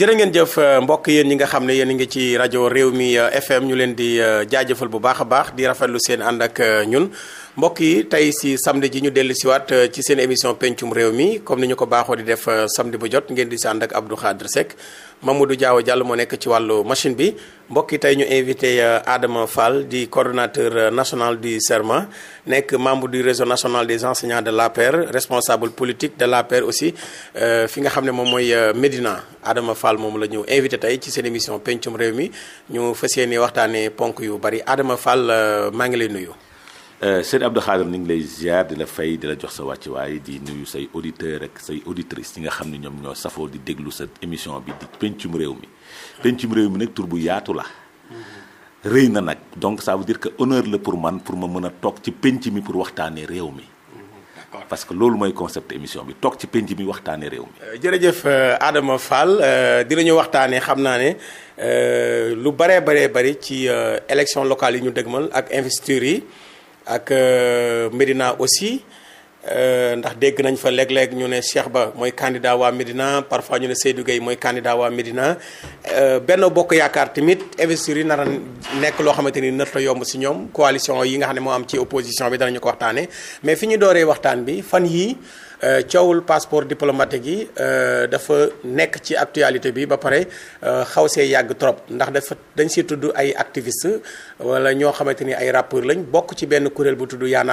jërë ngeen jëf euh, mbokk yéen ñi nga xam ne yéen a ngi ci rajo réew mi euh, FM ñu leen di euh, jaajëfal bu baax a baax di rafetlu seen ànd ak ñun mbokk yi tey si samedi ji ñu dellu siwaat ci seen émission pencum réew mi comme ni ñu ko baaxoo di def samedi bu jot ngeen di si ànd ak Abdou Khadre Seck mam du Diaw jàll moo nekk ci wàllu machine bi mbokk yi tey ñu invité euh, Adama Fall di coordonnateur euh, national du serment nekk membre du réseau national des enseignants de la l'APR responsable politique de la l'APR aussi euh, fi nga xam ne moom mooy Médina Adama Fall moom la ñu invité tey ci seen émission pencum réew mi ñu fas yéene waxtaanee ponk yu bari Adama Fall maa ngi lay nuyu. Euh, sëñ Abdou Khadir ñu ngi lay ziar di la fay di la jox sa wàccuwaay di nuyu say auditeurs ak say auditrices yi nga xam ne ñoom ñoo safoo di déglu sa émission bi di pencum réew mi pencum réew mi nag tur bu yaatu la. rëy na nag donc ça veut dire que honneur la pour man pour ma mën a toog ci penc mi pour waxtaanee réew mi. parce que loolu mooy concept émission bi toog ci penc mi waxtaanee réew mi. Euh, jërëjëf euh, Adama dina ñu waxtaanee xam naa ne lu baree baree bari ci élection locale yi ñu dëgmal ak investiture yi. ak euh, Médina aussi euh, ndax dégg nañ fa léeg-léeg ñu ne Cheikh Ba mooy candidat waa Médina parfois ñu ne Seydou Gueye mooy candidat waa Médina euh, benn Bokk Yaakaar tamit investiture yi nar nekk loo xamante ni nat yomb si ñoom coalition yi nga xam ne moo am ci opposition bi danañu ko waxtaane mais fi ñu dooree waxtaan bi fan yii coowul passeport diplomatique yi dafa nekk ci actualité bi ba pare xaw see yàgg trop ndax dafa dañ siy tudd ay activist wala ñoo xamante ni ay rappeurs lañ bokk ci benn kuréel bu tudd Y'en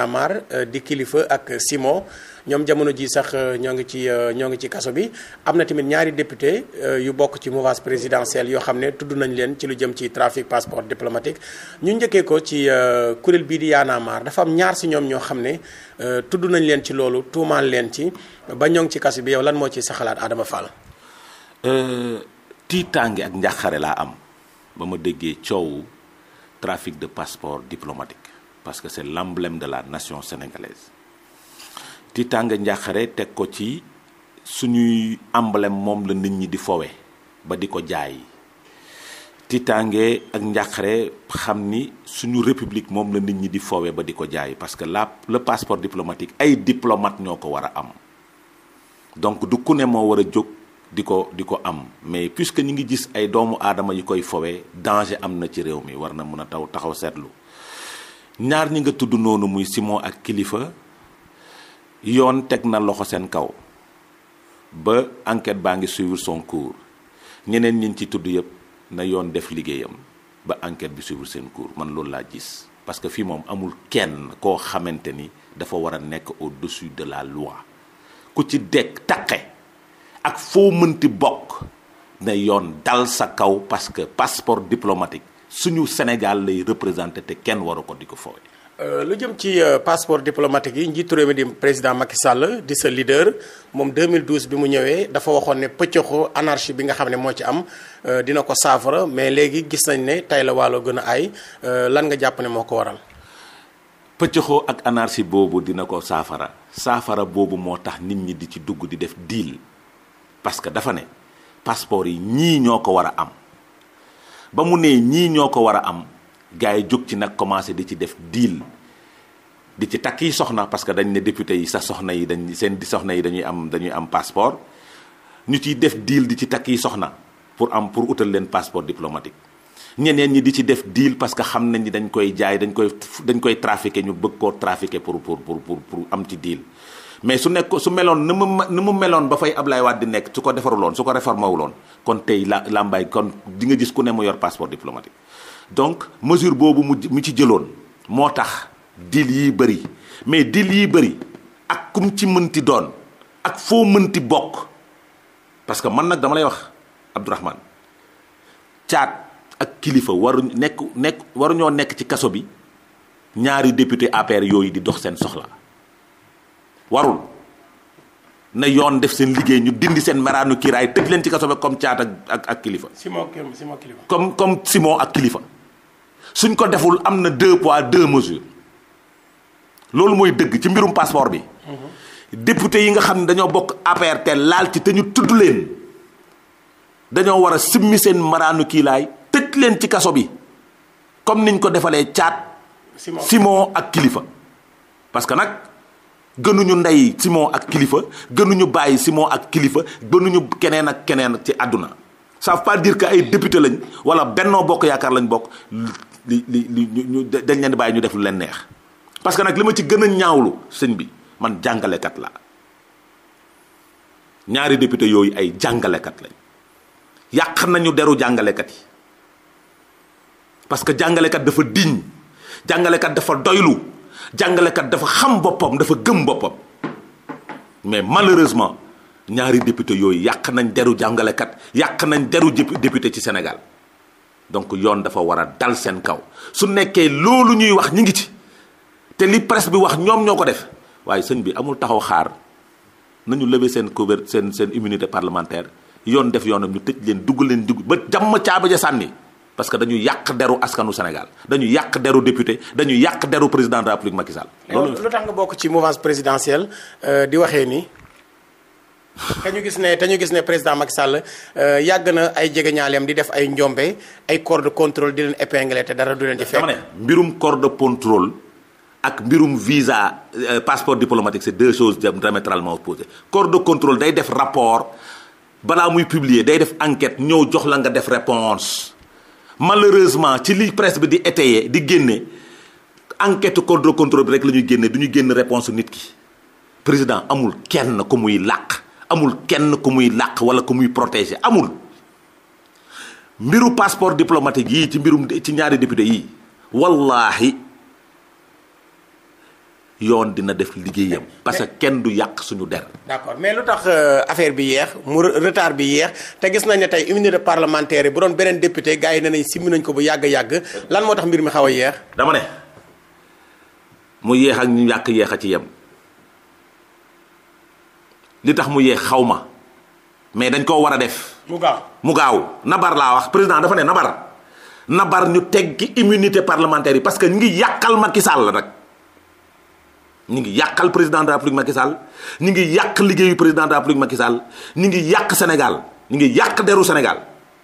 euh, di kilifa ak Simon ñoom jamono ji sax euh, ñoo ngi ci euh, ñoo ngi ci kaso bi am na tamit ñaari député yu bokk ci mouvance présidentielle yoo xam ne tudd nañ leen ci lu jëm ci trafic passeport diplomatique ñu njëkkee ko ci kuréel bii di Y'en dafa am ñaar si ñoom ñoo xam ne tudd nañ leen ci loolu tuumaal leen ci ba ñoo ngi ci kaso bi yow lan moo ci sa xalaat Adama Fall tiitaange ak njàqare laa am ba ma déggee coow trafic de passeports diplomatique parce que c'est l'emblème de la nation sénégalaise tiitaanga njàqare teg ko ci suñuy emblème moom la nit ñi di foowee ba di ko jaay tiitaange ak njàqare xam ni suñu république moom la nit ñi di fowe ba di ko jaay parce que la le passeport diplomatique ay diplomate ñoo ko war a am donc du ne moo war jóg di ko di ko am mais puisque ñi ngi gis ay doomu aadama yi koy foowee danger am na ci réew mi war na mën a taw taxaw seetlu ñaar ñi nga tudd noonu muy Simon ak kilifa yoon teg na loxo seen kaw ba enquête baa ngi suivre son cours ñeneen ñi ci tudd yëpp na yoon def liggéeyam ba enquête bi suivre seen cours man loolu laa gis parce que fii moom amul kenn koo xamante ni dafa war a nekk au-dessus de la loi ku ci dekk taqe ak foo mënti bokk ne yoon dal sa kaw parce que passeport diplomatique suñu Sénégal lay représenter te kenn waru ko di ko fooy. Euh, lu jëm ci euh, passeport diplomatique yi njiitu réew mi di président Macky Sall di sa leader moom 2012 bi mu ñëwee dafa waxoon ne pëccëxu anarchie bi nga xam ne moo ci am euh, dina ko saafara mais léegi gis nañ ne tey la wàllo gën a aay lan nga jàpp ne moo ko waral. pëccëxoo ak anarchie boobu dina ko saafara saafara boobu moo tax nit ñi di ci dugg di def deal. parce que dafa ne passeport yi ñii ñoo ko war a am ba mu nee ñii ñoo ko war a am gars yi jóg ci nag commencé di ci def deal di ci takk yi soxna parce que dañ ne député yi sa soxna yi dañ seen di soxna yi dañuy am dañuy am passeport ñu ciy def deal di ci takk yi soxna pour am pour utal leen passeport diplomatique ñeneen ñi di ci def deal parce que xam nañ ñi dañ koy jaay dañ koy dañ koy trafiquer ñu bëgg koo trafiquer pour pour pour pour am ci deal mais su nekk su meloon ni mu ni mu meloon ba fay Ablaye Wade di nekk su ko defaruloon su ko réformé kon tey la làmbaay kon dinga gis ku ne mu yor passeport diplomatique. donc mesure boobu mu mu ci jëloon moo tax dil yi bëri mais dil yi bëri ak kum ci mënti doon ak foo mënti bokk parce que man nag dama lay wax Abdourahmane caat ak kilifa waru nekk nekk waruñoo nekk ci kaso bi ñaari député APR yooyu di dox seen soxla. warul na yoon def seen liggéey ñu dindi seen meraanu kiiraay tëj leen ci kaso comme caat ak ak ak kilifa. Simon Simon kilifa. comme comme Simon ak kilifa suñ ko deful am na deux poids deux mesures loolu mooy dëgg ci mbirum passeport bi. Mhm. député yi nga xam ne dañoo bokk APR te laal te ñu tudd dañoo war a simmi maraanu kiilaay tëj leen ci kaso bi comme niñ ko defalee caat. Simon Simon ak kilifa parce nag. gënuñu ndey Simon ak kilifa gënuñu bàyyi Simon ak kilifa gënuñu keneen ak keneen ci àdduna ça veut pas que ay député lañ wala bennoo bokk yaakaar lañ bokk li li li ñu dañ leen bàyyi ñu def lu leen neex parce que nag li ma ci gën a ñaawlu sëñ bi man jàngalekat la ñaari député yooyu ay jàngalekat lañ yàq nañu deru jàngalekat yi parce que jàngalekat dafa diñ jàngalekat dafa doylu jàngalekat dafa xam boppam dafa gëm boppam mais malheureusement ñaari député yooyu yàq nañ deru jàngalekat yàq nañ deru député ci Sénégal donc yoon dafa war a dal seen kaw su nekkee loolu ñuy wax ñi ngi ci te li presse bi wax ñoom ñoo ko def waaye sëñ bi amul taxaw xaar nañu lever seen couvert seen seen immunité parlementaire yoon def yoonam ñu tëj leen dugg leen dugg ba jàmm caaba ja sànni parce que dañu yàq deru askanu Sénégal dañu yàq deru député dañu yàq deru président de la République Macky Sall. loolu lu tax nga bokk ci mouvance présidentielle euh, di waxee ni. te ñu gis ne te ñu gis ne président Macky Sall euh, yàgg na ay jege jegeñaaleem di def ay njombe ay corps de contrôle di leen épingler te dara du leen ci fekk. dama ne mbirum corps de contrôle ak mbirum visa euh, passeport diplomatique c'est deux choses diamétralement opposées corps de contrôle day def rapport balaa muy publier day def enquête ñëw jox la def réponse malheureusement ci li presse bi di étayer di génne enquête corps de contrôle bi rek la ñuy génne du ñu génn réponse nit ki président amul kenn ku muy làq amul kenn ku muy làq wala ko muy protéger amul mbiru passeport diplomatique yii ci mbirum ci ñaari député yii wallaahi yoon dina def liggéeyam. parce que kenn du yàq suñu der. d'accord mais lu tax euh, affaire bi yeex mu retard bi yeex te gis nañ ne tey immunité parlementaire yi bu doon beneen député gars yi ne nañ simmi nañ ko bu yàgg yàgg lan moo tax mbir mi xaw a yeex. dama ne mu yeex ak ñu yàq yeex a ci yem li tax mu yeex xaw ma mais dañ koo war a def. mu gaaw mu gaaw nabar laa wax président dafa ne nabar nabar ñu teg teggi immunité parlementaire yi parce que ñu ngi yàqal ma Macky Sall rek. ñu ngi yàqal président de la République ngi yàq liggéeyu président de la République Macky ñu ngi yàq Sénégal ñu ngi yàq deru Sénégal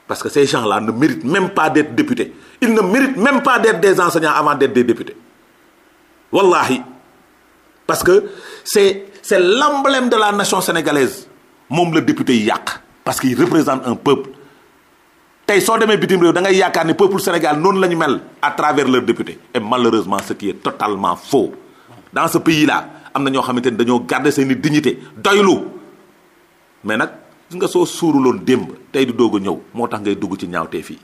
parce que ces gens là ne méritent même pas d'être députés ils ne même pas d'être des enseignants avant d'être des députés wallahi parce que c'est c'est l'emblème de la nation sénégalaise moom la député yi yàq parce qu'il représente un peuple tey soo demee bitim réew da ngay yaakaar ni peuple Sénégal noonu la ñu mel à travers leurs députés et malheureusement ce qui est totalement faux dans ce pays là am na ñoo xamante ni dañoo garder seen i dignité doylu mais nag gis nga soo suuruloon démb tey di doog a ñëw moo tax ngay dugg ci ñaawtee fii.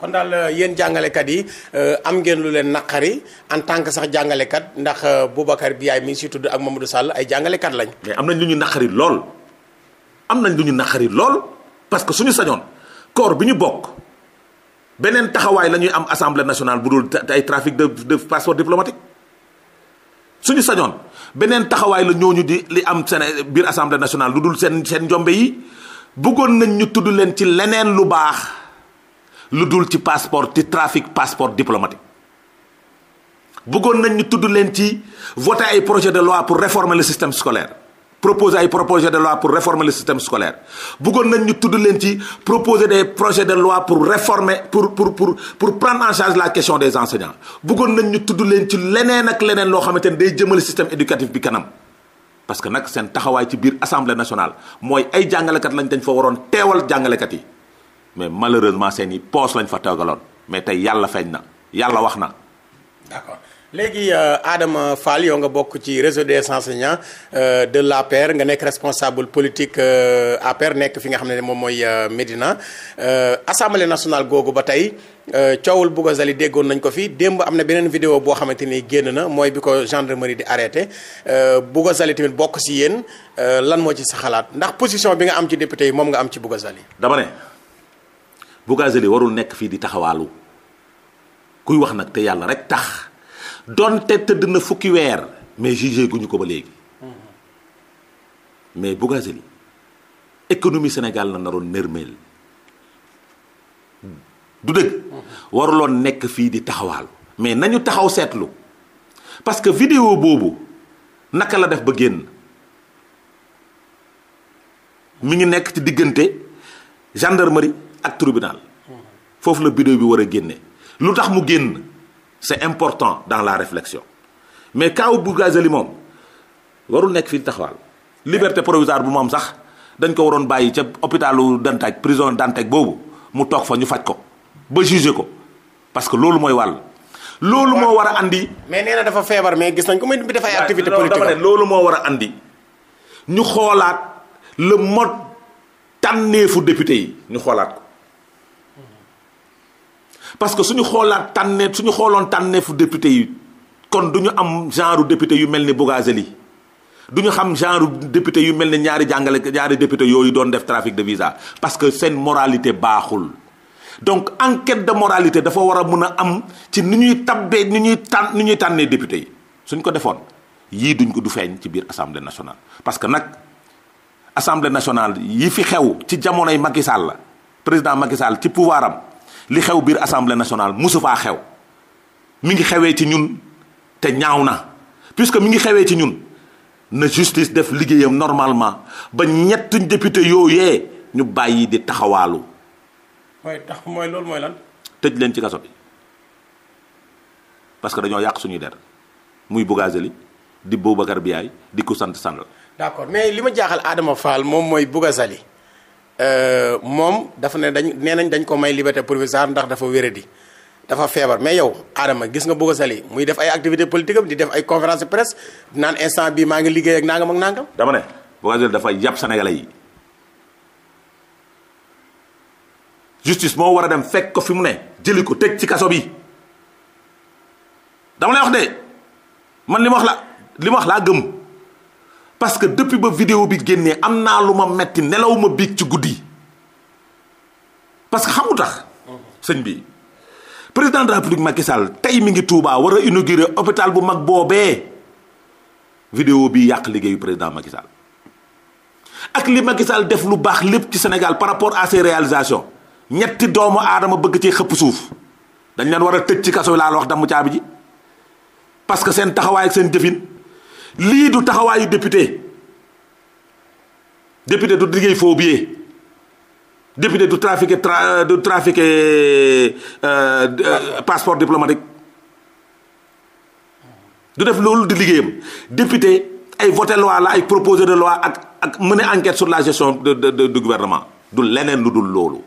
kon daal euh, yéen jàngalekat yi euh, am ngeen lu leen naqari en tant que sax jàngalekat ndax euh, Boubacar Biaye mi ngi si tudd ak Mamadou sàll ay jàngalekat lañ. mais am nañ lu ñu naqari lool am nañ lu ñu naqari lool parce que suñu sañoon corps bi ñu bokk beneen taxawaay la ñuy am assemblée nationale bu dul ay trafic de de passeport diplomatique. suñu sañoon beneen taxawaay la ñu di li am seen biir assemblée nationale lu dul seen seen njombe yi bëggoon nañ ñu tudd leen ci leneen lu baax lu dul ci passeport ci trafic passeport diplomatique bëggoon nañ ñu tudd leen ci voter ay projet de loi pour réformer le système scolaire proposer ay projet de loi pour réformer le système scolaire bëggoon nañ ñu tudd leen ci proposer des projets de loi pour réformer pour pour pour pour prendre en charge la question des enseignants bëggoon nañ ñu tudd leen ci leneen ak leneen loo xamante ne day jëmale système éducatif bi kanam parce que nag seen taxawaay ci biir assemblée nationale mooy ay jàngalekat lañ dañ fa waroon teewal jàngalekat yi mais malheureusement seen i poos lañ fa teewgaloon mais tey yàlla feeñ na yàlla wax na léegi euh, Adama Fall yow nga bokk ci réseau des enseignants euh, de la l'APR nga nekk responsable politique euh, APR nekk fi nga xam ne moom mooy Médina assemblée nationale googu ba tey coowul Bougazelli déggoon nañ ko fi démb am na beneen vidéo boo xamante ni génn na mooy bi ko gendarmerie di arrêté Bougazelli tamit bokk si yéen lan moo ci sa xalaat ndax position bi nga am ci député yi moom nga am ci Bougazelli. dama ne Bougazelli warul nekk fii di taxawaalu kuy nag te rek tax. donte tëdd na fukki weer mais jugé guñu ko ba léegi mais Bougazelli économie Sénégal na naroon nërmeel du dëgg waruloon nekk fii di taxawaal mais nañu taxaw seetlu parce que vidéo boobu naka la def ba génn mu ngi nekk ci diggante gendarmerie ak tribunal foofu la vidéo bi war a génne lu tax mu génn c'est important dans la réflexion mais kaaw Bougazeli moom warul nekk fii taxawal liberté provisoire bu moom sax dañ ko waroon bàyyi ca hôpitalu Dantec prison Dantec boobu mu toog fa ñu faj ko ba jugé ko parce que loolu mooy wàll. loolu moo war a indi mais nee dafa feebar mais gis nañ ko muy def ay activité politique loolu moo war a andi ñu xoolaat le mode tànneefu député yi ñu xoolaat ko. parce que suñu xoolaat tànneef suñu xooloon fu député yi kon du ñu am genre député yu mel ni Bougazelli du ñu xam genre député yu mel ni ñaari jàngale ñaari député yooyu doon def trafic de visa parce que seen moralité baaxul donc enquête de moralité dafa war a mën a am ci ni ñuy tabbee ni ñuy tànn ni ñuy tànnee député yi suñ ko defoon yii duñ ko du feeñ ci biir assemblée nationale parce que nag assemblée nationale yi fi xew ci jamonoy Macky Sall la président Macky ci pouvoiram li xew biir assemblée nationale mosu faa xew mi ngi xewee ci ñun te ñaaw na puisque mi ngi xewee ci ñun na justice def liggéeyam normalement ba ñett député yooyee ñu bàyyi di taxawaalu. mooy tax mooy loolu mooy lan. tëj leen ci kaso bi parce que dañoo yàq suñuy der muy Bougazelli di Boubacar Biaye di ko sant Sall. d'accord mais li ma jaaxal Adama faal moom mooy Bougazelli Euh, moom dafa ne dañ nee nañ dañ ko may liberté provisoire ndax dafa wéradi dafa feebar mais yow Adama gis nga Bouga Sali muy def ay activité politique am di def ay conférence de presse naan instant bii maa ngi liggéey ak nangam ak nangam. dama ne Bouga Sali dafa yàpp sénégalais yi justice moo war a dem fekk ko fi mu ne jëli ko teg ci kaso bi dama lay wax de man li wax la li wax laa gëm. parce que depuis ba vidéo bi génnee am naa lu ma metti nelaw ma biig ci guddi parce que xamu sëñ bi président de la république Macky tey mi ngi tuubaa war a inaugurer hôpital bu mag boobee vidéo bi yàq liggéeyu président Macky ak li Macky Sall def lu baax lépp ci Sénégal par rapport à ses réalisations ñetti doomu aadama bëgg ci xëpp suuf dañu leen war a tëj ci kaso laa la wax damu caabi ji parce que seen taxawaay ak seen jëfin. lii du taxawaayu député député du liggéey faux billet député du trafiqué tra euh, du trafiqué euh, euh, passeport diplomatique du def loolu di liggéeyam député ay voté loi la ay proposé de loi ak ak mener enquête sur la gestion de de du gouvernement du leneen lu dul loolu.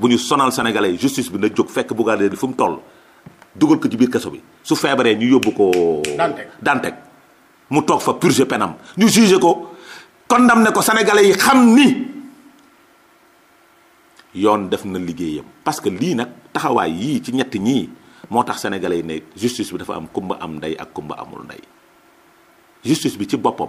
bu ñu sonal sénégalais justice bi na jóg fekk Bougane bi fu mu toll dugal ko ci biir kaso bi su feebaree ñu yóbbu ko Dantec Dantec mu toog fa purger penam ñu jugé ko kon condamné ko sénégalais yi xam ni yoon def na liggéeyam parce que lii nag taxawaay yii ci ñett ñii moo tax sénégalais yi ne justice bi dafa am kumba am ndey ak kumba amul ndey justice bi ci boppam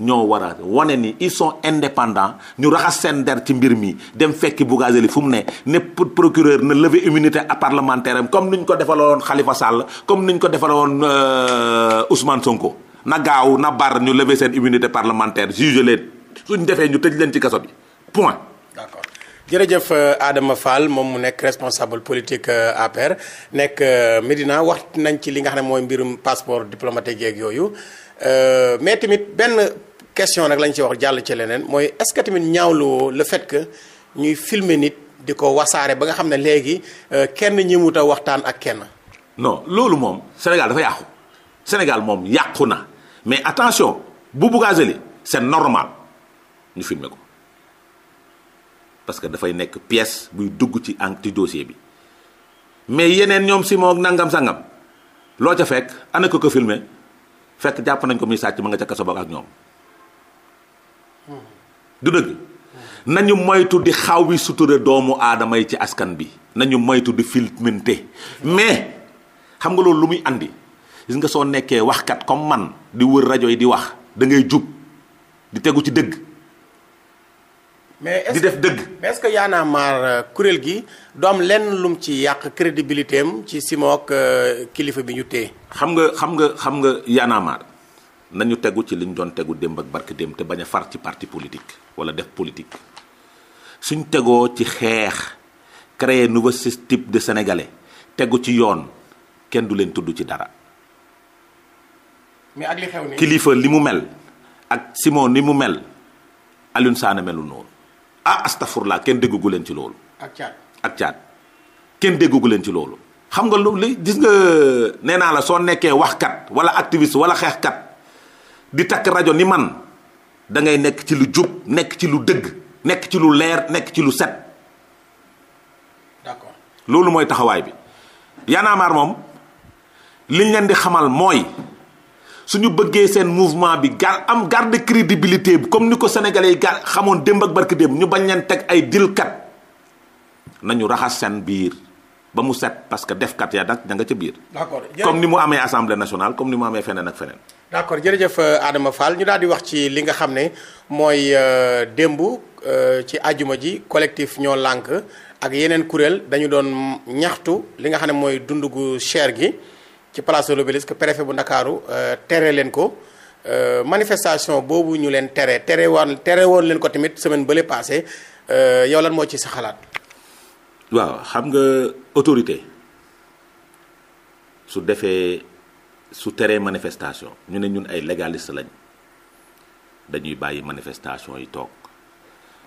ñoo war a wane ni ils sont indépendant ñu raxas seen der ci mbir mii dem fekki Bougazelli fu mu ne ne procureur na lever immunité parlementaire am comme ni ñu ko defaloon Khalifa Sall comme ni ñu ko defaloon euh, Ousmane Sonko. na gaaw na bar ñu lever seen immunité parlementaire juge leen suñ defee ñu tëj leen ci kaso bi point. d'accord jërëjëf euh, Adama Fall moom mu nekk responsable politique euh, APR nekk euh, Medina wax nañ ci li nga xam ne mooy mbirum passeport diplomatique jeeg yooyu mais tamit benn question nag lañ ci wax jàll ci leneen mooy est-ce que tamit ñaawluwoo le fait ñuy filmer nit di ko wasaare ba nga xam ne léegi kenn ñëwut a waxtaan ak kenn. non loolu moom Sénégal dafa yàqu Sénégal moom yàqu na. mais attention bu Bougazelli seen normal ñu filmer ko parce que dafay nekk pièce buy dugg ci en ci dossier bi mais yeneen ñoom Simon ak nangam sangam loo ca fekk ana ko ko fekk jàpp nañ ko muy sàcc ma nga ca kaso ba ak ñoom du dëgg nañu moytu di xaw bi sutura doomu aadama yi ci askan bi nañu moytu di filminte mais xam nga loolu lu muy andi gis nga soo nekkee waxkat comme man di wër rajo yi di wax da ngay jub di tegu ci dëgg. mais est-ce di def dëgg. mais ce que Y euh, kuréel gi doom lenn lum ci yàq crédibilité am ci simook euh, kilifa bi ñu téye. xam nga xam nga xam nga Y nañu tegu ci li ñu doon tegu démb ak barki démb te bañ a far ci parti politique wala def politique suñ tegoo ci xeex créer nouveau type de sénégalais tegu ci yoon kenn du leen tudd ci dara. mais ak xew nii kilifa li mu mel ak Simon ni mu mel Alioune Sane melul noonu ah astafurlaa kenn déggagu leen ci loolu. ak caat ak caat kenn déggagu leen ci loolu. xam nga lu li gis nga nee naa la soo nekkee wax waxkat wala activiste wala xeexkat di takk rajo ni man dangay nekk ci lu jub nekk ci lu dëgg nekk ci lu leer nekk ci lu set. d'accord loolu mooy taxawaay bi. yaanaamaar moom liñ leen di xamal mooy. suñu bëggee seen mouvement bi gar am garde crédibilité bi comme ni ko sénégalais yi gar xamoon démb ak barki démb ñu bañ leen teg ay dilkat nañu raxas seen biir ba mu set parce que defkat yaa nag da nga ca biir. d'accord comme ni mu amee assemblée nationale comme ni mu amee feneen ak feneen. d'accord jërëjëf euh, Adama Fall ñu daal di wax ci li nga xam ne mooy euh, démb euh, ci àjjuma ji collectif ñoo lànk ak yeneen kuréel dañu doon ñaxtu li nga xam ne mooy dundu gu cher gi. ci place de que préfet bu Ndakaaru euh, tere leen ko euh, manifestation boobu ñu leen tere tere waan tere woon leen ko tamit semaine bële passé euh, yow lan moo ci sa xalaat. waaw xam nga autorité su defee su teree manifestation ñu ne ñun ay légalist lañ dañuy bàyyi manifestation yi toog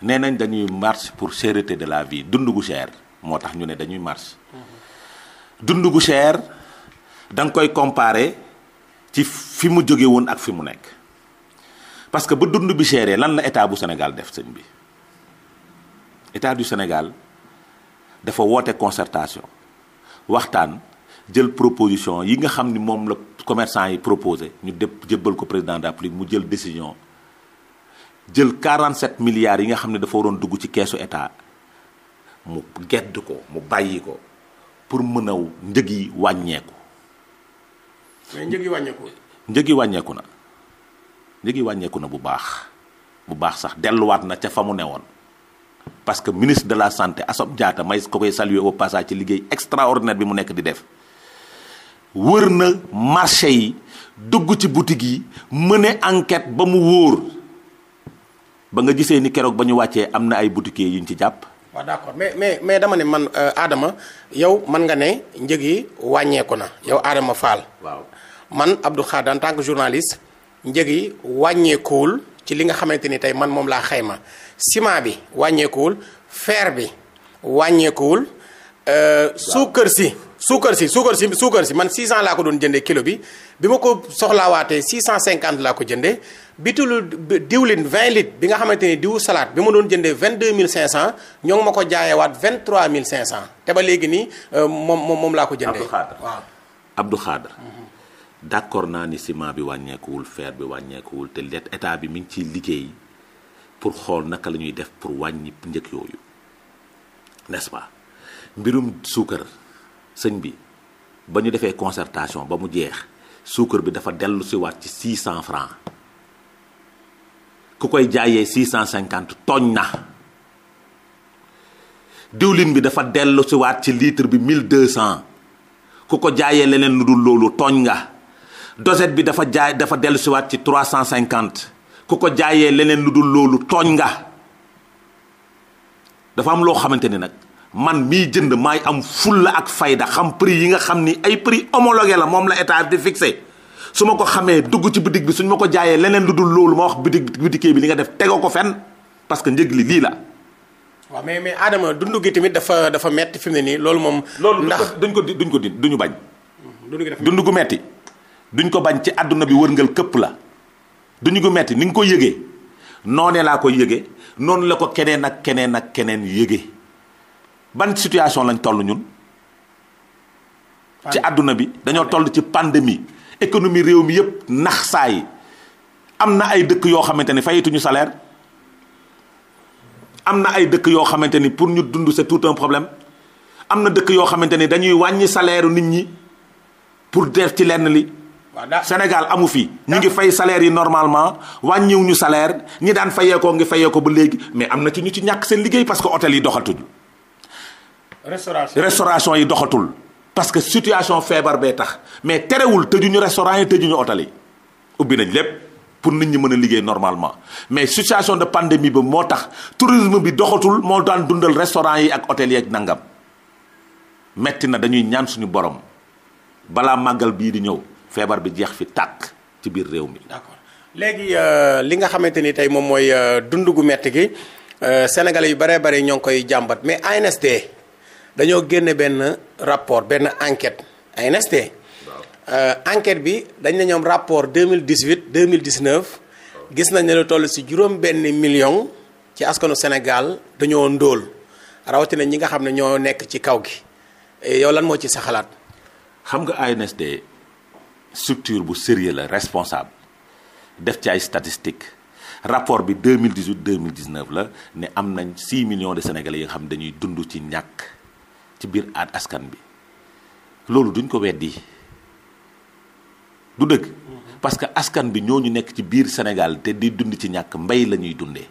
nee nañ dañuy marche pour cherté de la vie dund gu cher moo tax ñu ne dañuy marche mhm. dund gu cher. da nga koy comparer ci fi mu jóge woon ak fi mu nekk parce que ba dund bi chéré lan la état bu Sénégal def sëñ bi état du Sénégal dafa woote consertation waxtaan jël proposition yi nga xam ni moom la commerçant yi proposé ñu dépp jébbal ko président de la République mu jël décision jël 47 milliards yi nga xam ne dafa waroon dugg ci keesu état mu gedd ko mu bàyyi ko pour mën a njëg yi wàññeeku. njëg yi wàññeeku njëg yi wàññeeku na njëg yi wàññeeku na bu baax bu baax sax delluwaat na ca fa mu newoon parce que ministre de la santé Assome Diatta may ko koy saluer au passage ci liggéey extraordinaire bi mu nekk di def wër na marché yi dugg ci boutique yi mëne enquête ba mu wóor ba nga gisee ni keroog ba ñu wàccee am na ay boutiquiers yu ñu ci jàpp. waaw d'accord mais mais dama ne man aadama euh, yow man nga ne njëg yi wàññeeku na yow Adama Fall. waaw man Abdou Khadre en tant que journaliste njëg yi wàññeekuwul ci li nga xamante ni tey man moom laa xayma ciment bi wàññeekuwul fer bi wàññeekuwul. Euh, suukar si suukar si suukar si suukar si man 600 laa ko doon jëndee kilo bi bi ma ko soxlaawaatee cinquante laa ko jëndee bitulu diwlin 20 litres bi nga xamante ni diwu salaat bi ma doon jëndee 22500 ñoo ngi ma ko jaayewaat 23500 te ba léegi nii euh, moom moom moom laa ko jëndee. Abdou Khadre waaw Abdou mm-hmm. d'accord naa ni ciment bi wàññeekuwul fer bi wàññeekuwul te let état bi mi ngi ciy liggéey pour xool naka la ñuy def pour wàññi njëg yooyu n'est-ce mbirum suukar sëñ bi ba ñu defee consertation ba mu jeex suukar bi dafa dellu siwaat waat ci 600 francs ku koy jaayee 650 tooñ na diwlin bi dafa dellu si ci litre bi 1200 ku ko jaayee leneen lu dul loolu tooñ nga dosette bi dafa jaay dafa dellu siwaat ci trois cent cinquante ku ko jaayee leneen lu dul loolu tooñ nga dafa am loo xamante ni nag man miy jënd maay am fulla ak fayda xam prix yi nga xam ni ay prix homologué la moom la état di fixé su ma ko xamee dugg ci bitig bi suñ ma ko jaayee leneen lu dul loolu ma wax bitig bitikee bi li nga def tegoo ko fenn parce que njëg li lii la. waaw mais mais Adama dund gi tamit dafa dafa metti fi mu ne nii loolu moom. loolu duñ ko ko di duñ ko di duñu bañ. dund gi dafa metti dund gu duñ ko bañ ci àdduna bi wërngal këpp la duñu ko metti ni nga ko yëgee noonee laa koy yëgee noonu la ko keneen ak keneen ak keneen yëgee ban situation lañ toll ñun. ci àdduna bi dañoo toll ci pandémie économie réew mi yëpp nax saa yi am na ay dëkk yoo xamante ni fayituñu saleer am na ay dëkk yoo xamante ni pour ñu dund sa tout un problème am na dëkk yoo xamante ni dañuy wàññi saleeru nit ñi pour def ci lenn li. Sénégal amu fi ñu ngi fay salaire yi normalement wàññiw ñu salaire ñi daan fayeekoo ngi ko ba léegi mais am na ci ñu ci ñàkk seen liggéey parce que hôtel yi doxatuñu restauration restauration yi doxatul parce que situation feebar bee tax mais terewul tëjuñu restaurant yi tëjuñu hôtel yi ubbi nañ lépp pour nit ñi mën a liggéey normalement mais situation de pandémie bi moo tax tourisme bi doxatul moo daan dundal restaurant yi ak hôtel yi ak nangam metti na dañuy ñaan suñu borom balaa màggal bii di ñëw feebar bi jeex fi tàkk ci biir réew mi. d'accord léegi euh, li nga xamante ni tey moom mooy euh, dund gu mett gi euh, sénégalais yu baree bare ñoo ngi koy jàmbat mais ANSD dañoo génne benn rapport benn enquête ANSD. enquête bi dañ ne ñoom rapport 2018 2019 gis nañ ne toll si juróom million ci askanu Sénégal dañoo ndóol rawatina ñi nga xam ne ñoo nekk ci kaw gi yow lan moo ci sa xalaat. xam nga ANSD. structure bu sérieux la responsable def ci ay statistiques rapport bi 2018 2019 la ne am na 6 millions de sénégalais yi nga xam dañuy dund ci ñàkk ci biir aat askan bi loolu duñ ko weddi du dëgg. Mhm. parce que askan bi ñoo ñu nekk ci biir Sénégal te di dund ci ñàkk mbay lañuy dundee.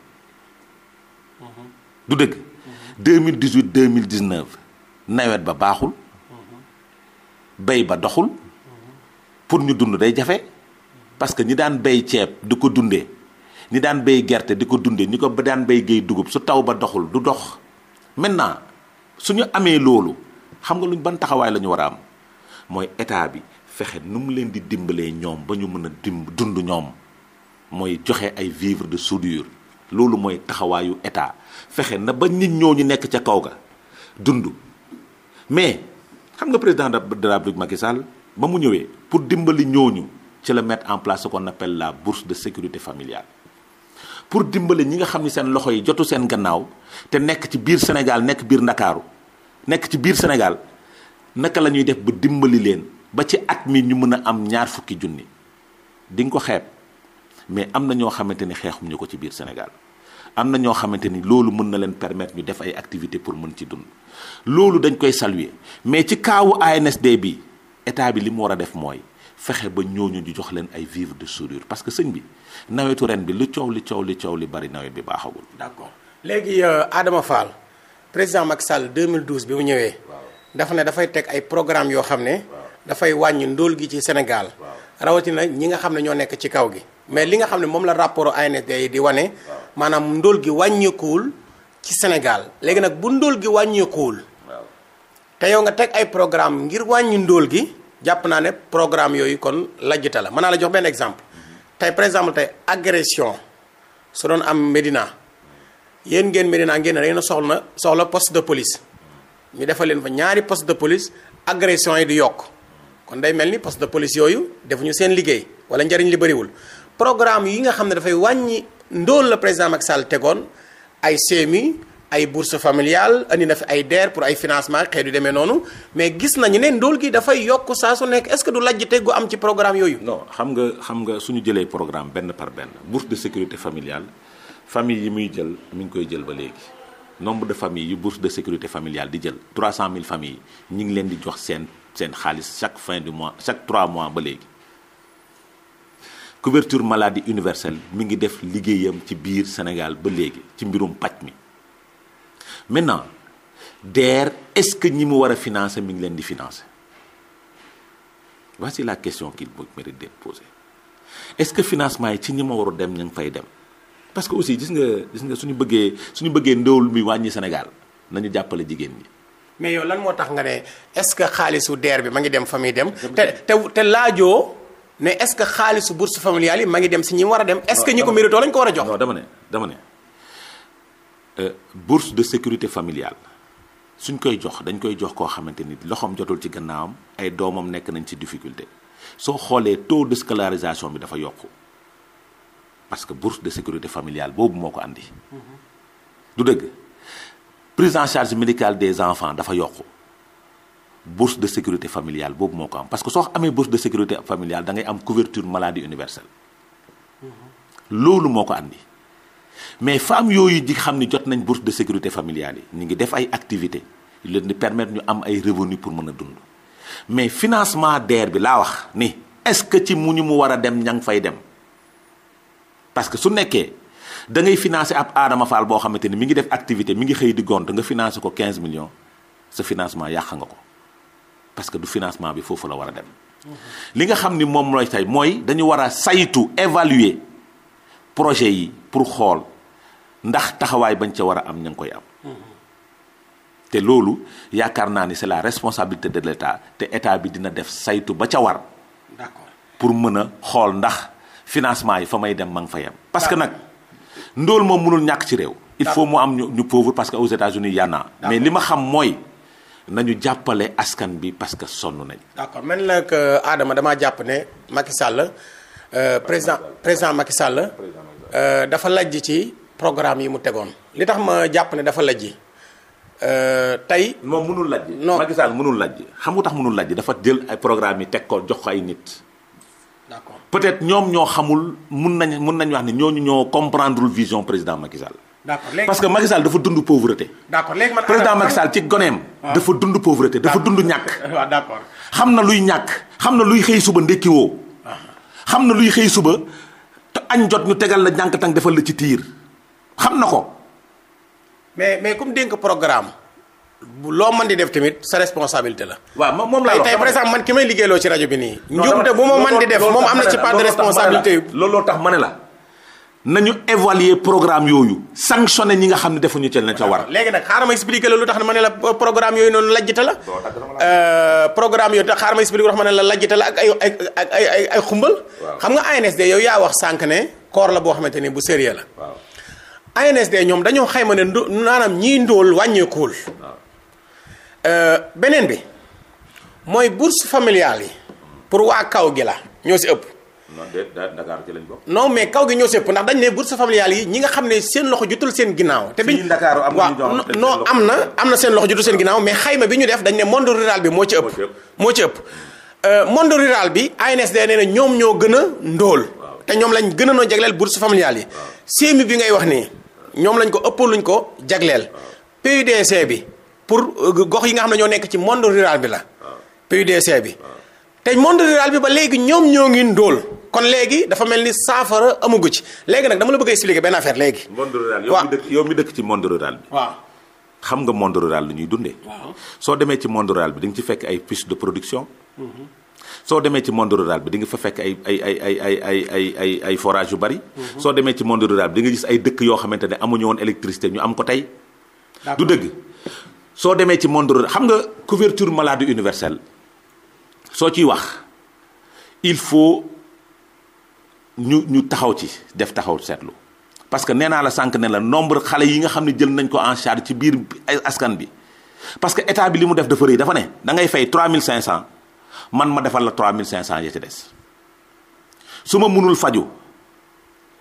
Mhm. du dëgg. 2018 mhm. 2019 nawet ba baaxul. bay ba doxul. pour ñu dund day jafe parce que ñi daan bay ceeb di ko dundee ñi daan bay gerte di ko dundee ñi ko ba daan bay géey dugub su taw ba doxul du dox maintenant su ñu amee loolu xam nga lu luñ ban taxawaay lañu ñu war a am mooy état bi fexe nu mu leen di dimbalee ñoom ba ñu mën a dimb dund ñoom mooy joxe ay vivres de soudire loolu mooy taxawaayu état fexe na ba nit ñu nekk ca kaw ga dund mais xam nga président de la République ba mu ñëwee pour dimbali ñooñu ci en place ce qu'on appelle la bourse de sécurité familiale pour dimbali ñi nga xam ni seen loxo yi jotu seen gannaaw te nekk ci biir Sénégal nekk biir Ndakaaru nekk ci biir Sénégal naka la ñuy def ba dimbali leen ba ci at mi ñu mën a am ñaar fukki junni di nga ko xeeb mais am na ñoo xamante ni xeexum ñu ko ci biir Sénégal am na ñoo xamante ni loolu mën na leen permettre ñu def ay activités pour mën ci dund loolu dañ koy saluer mais ci kaawu ANSD bi état bi li mu war a def mooy fexe ba ñooñu ñu jox leen ay vivre de soudure parce que sëñ bi nawetu ren bi lu coow li coow li coow li bari nawet bi baaxagul. d'accord léegi euh, Adama Fall président Macky Sall 2012 bi mu ñëwee. dafa ne dafay teg ay programme yoo xam ne. dafay wàññi ndóol gi ci Sénégal. rawatina ñi nga xam ne ñoo nekk ci kaw gi. mais li nga xam ne moom la rapport ANSD yi di wane. maanaam ndóol gi wàññeekuwul ci Sénégal léegi nag bu ndóol gi wàññeekuwul. te yow nga teg ay programme ngir wàññi ndóol gi jàpp naa ne programme yooyu kon lajjita la mën naa la jox benn exemple tey par exemple tey agression su doon am Médina yéen ngeen Médina ngeen ne dañu soxla soxla poste de police ñu defal leen fa ñaari poste de police agression yi di yokk kon day mel ni poste de police yooyu defuñu seen liggéey wala njariñ li bëriwul programme yi nga xam ne dafay wàññi ndóol la président Macky Sall tegoon ay CMI ay bourse familiale andi na fi ay DER pour ay financement xëy du demee noonu mais gis nañu ne ndool gi dafay yokk saa su nekk est-ce que du lajjite gu am ci programme yooyu. non xam nga xam nga suñu jëlee programme benn par benn bourse de sécurité familiale famille yi muy jël mi ngi koy jël ba léegi nombre de familles yu bourse de sécurité familial di jël 300000 familles ñu ngi leen di jox seen seen xaalis shaque fin du mois chaque 3 mois ba léegi. couverture maladie universelle mi ngi def liggéeyam ci biir Sénégal ba léegi ci mbirum paj mi. maintenant DER est-ce que ñi mu war a financer mi ngi leen di financer voici la question qu'il mérite d'être est-ce que financement yi ci ñi ma war dem ñu ngi fay dem parce que aussi gis nga gis nga suñu bëggee suñu bëggee ndóol bi wàññi Sénégal nañu jàppale jigéen ñi. mais yow lan moo tax nga ne est-ce que xaalisu DER bi ma ngi dem fa muy dem. te te laajoo ne est-ce que xaalisu bourse familiale yi ma ngi dem si ñi mu war a dem. est-ce que ñi ko méritoo lañ ko war a jox. non dama ne dama ne. Euh, bourse de sécurité familiale suñ koy jox dañ koy jox koo xamante ni loxoom jotul ci gannaawam ay doomam nekk nañ ci difficulté soo xoolee taux de scolarisation bi dafa yokku parce que bourse de sécurité familiale boobu moo ko andi. Mm-hmm. du dëgg prise en charge médicale des enfants yokku bourse de sécurité familiale boobu moo ko am parce que soo amee bourse de sécurité familiale da ngay am couverture maladie universelle. Mm-hmm. loolu moo ko andi. mais fa femmes yooyu di xam ni jot nañ bourse de sécurité familiale yi ñu ngi def ay activité yu leen di permettre ñu am ay revenu pour mën a dund mais financement DER bi laa wax ni est-ce que ci mu ñu mu war a dem ña ngi fay dem parce que su nekkee da ngay financer ab Adama Fall boo xamante ni mi ngi def activité mi ngi xëy di gont nga financer ko 15 millions sa financement yàq nga ko parce que du financement bi foofu la war a dem. Mm-hmm. li nga xam ni moom looy tey mooy dañu war a saytu évaluer projet yi pour xool. ndax taxawaay bañ ca war a am ña koy am. te loolu yaakaar naa ni c'est la responsabilité de l'État te état bi dina def saytu ba ca war. d'accord pour mën a xool ndax financement yi fa may dem ma ngi fa yem. parce que nag ndóol moom mënul ñàkk ci réew. il faut mu am ñu ñu pauvre parce que aux États-Unis y mais li ma xam mooy. nañu jàppale askan bi parce que sonn nañ. d'accord man nag Adama damaa jàpp ne Macky Sall euh, président président Macky Sall euh, dafa lajj ci. programme yi mu tegoon li tax ma jàpp ne dafa lajji euh, tey. moom mënul lajji. non Macky Sall mënul lajji xam nga tax mënul lajji dafa jël ay programme yi teg ko jox ko ay nit. d'accord peut-être ñoom ñoo xamul mun nañ mun nañ wax ne ñooñu ñoo comprendre vision président Macky Sall. d'accord parce que Macky Sall dafa dund pauvreté. d'accord léegi man président Macky Sall ci goneem. Ah. dafa dund pauvreté dafa dund ñàkk. waaw ah, d'accord xam na luy ñàkk. xam na luy xëy suba ndekki woo. Ah. xam na luy xëy suba te añ jot ñu tegal la ñànk tang defal la ci tiir. xam na ko mais mais comme dénk programme bu loo man di def tamit sa responsabilité la. waaw moom lay tey par exemple man ki may liggéeyloo ci rajo bi nii. njuumte bu ma mën di def moom am na ci part de responsabilité. looloo tax ma ne la nañu évaluer programme yooyu sanctionné ñi nga xam ne defuñu ca la ca léegi nag xaaral ma expliqué la lu tax ma ne la programme yooyu noonu lajjite la. Euh, programme yooyu tax xaaral ma expliqué ma ne la lajjite la ak ay ay ay ay xumbal. xam nga ANSD yow yaa wax sànq ne corps la boo xamante ni bu sérieux la. ANSD ñoom dañoo xayma ne ndo maanaam ñiy ndóol wàññeekul ah. euh, beneen bi mooy bourse familiale yi pour waa kaw gi la ñoo si ëpp. non déet Dakar ci lañ bokk. mais kaw gi ñoo si ëpp ndax dañ ne bourse familiale yi ñi nga xam ne seen loxo jotul seen ginnaaw. te biñ Dakar am na non am na am na seen loxo jotul seen ginnaaw mais xayma bi ñu def dañ ne monde rural bi moo ci ëpp. moo ci ëpp euh, monde rural bi ANSD nee na ñoom ñoo gën a ndóol. te ñoom lañ gën a noo jegleel bourse familiale yi. sémi bi ngay wax nii. ñoom lañ ko ëpp luñ ko jagleel. PUDC bi pour euh, gox yi nga xam ne ñoo nekk ci monde rural bi la. c bi. te monde rural bi ba léegi ñoom ñoo ngi ndóol. kon léegi dafa mel ni saafara amugu ci léegi nag dama la bëgg a benn affaire léegi. monde rural yow mi dëkk yow mi dëkk ci monde rural bi. xam nga monde rural lu ñuy dundee. soo demee ci monde rural bi di nga ci fekk ay piste de production. Mm-hmm. soo demee ci monde rural bi dinga fa fekk ay ay ay ay ay ay forage yu bari mhm. soo demee ci monde rural bi di nga gis ay dëkk yoo xamante ne amuñu woon électricité ñu am ko tey du dëgg soo demee ci monde rural xam nga couverture maladie universelle soo ciy wax il faut ñu ñu taxaw ci def taxaw seetlu parce que nee naa la sànq ne la nombre xale yi nga xam ne jël nañ ko en charge ci biir askan bi parce que état bi li mu def dafa rëy dafa ne da ngay fay 3500 man ma defal la 3500 ya ci des su ma mënul faju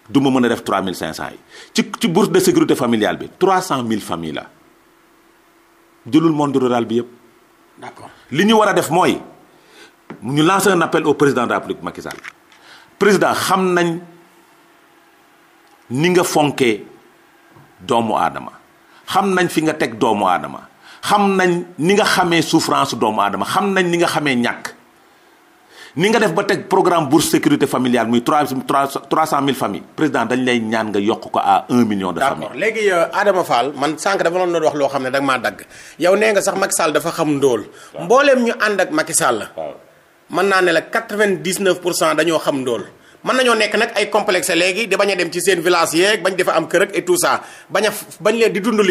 du ma mën a def mille cinq 3500 yi ci ci bourse de sécurité familial bi 300000 famille la jëlul monde rural bi yëpp. d'accord li ñu war a def mooy ñu lancer un appel au président de la République Macky président xam nañ ni nga fonkee doomu aadama xam nañ fi nga teg doomu aadama. xam nañ ni nga xamee souffrance doomu adama xam nañ ni nga xamee ñàkk ni nga def ba teg programme bourse sécurité familial muy trois trois cent mille familles président dañ lay ñaan nga yokk ko à un million de familles. d'accord léegi euh, Adama Fall man sànq dafa doon wax loo xam ne danga maa dagg yow nee nga sax Macky Sall dafa xam ndóol. mbooleem ñu ànd ak Macky la. mën naa ne la quatre vingt dix pour cent dañoo xam ndóol. mën nañoo nekk nag ay complexe léegi di bañ a dem ci seen village yeeg bañ dafa am kër ak et tout ça bañ a bañ leen di dund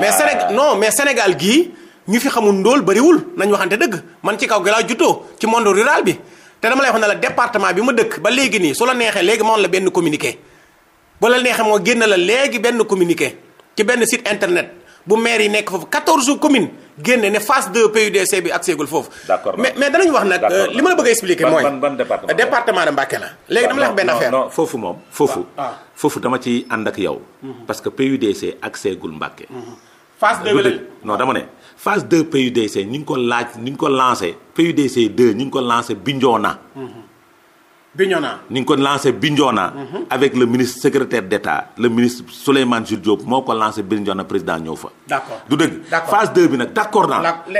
mais Sénégal ah. non mais Sénégal gii ñu fi xamul ndóol bëriwul nañ waxante dëgg man ci kaw gi laa juddoo ci monde rural bi te dama lay wax ne la département bi ma dëkk ba léegi nii su la neexee léegi ma la benn communiqué ba la neexee moo génn la léegi benn communiqué ci benn site internet bu maire yi nekk foofu 14 communes génne ne phase 2 PUDC bi foofu. d'accord mais mais danañ wax nag. Euh, li ma la bëgg a expliquer mooy ban ban département département de Mbacké la. léegi dama la wax benn affaire foofu moom. foofu ah. foofu dama ci ànd ak yow. Mhm. parce que PUDC ak seegul Mbacké. Mhm. phase 2 noo dama ne phase 2 PUDC ñu ngi ko laaj ñu ngi ko lancé PUDC 2 ñu ngi ko lancé Bignona. Mm-hmm. Bignona ni ngi ko lancé Bignona. Mhm. avec le ministre secrétaire d' état le ministre Souleymane Jules Diop moo ko lancé Bignona président ñëw fa. d' accord du dëgg. phase naa.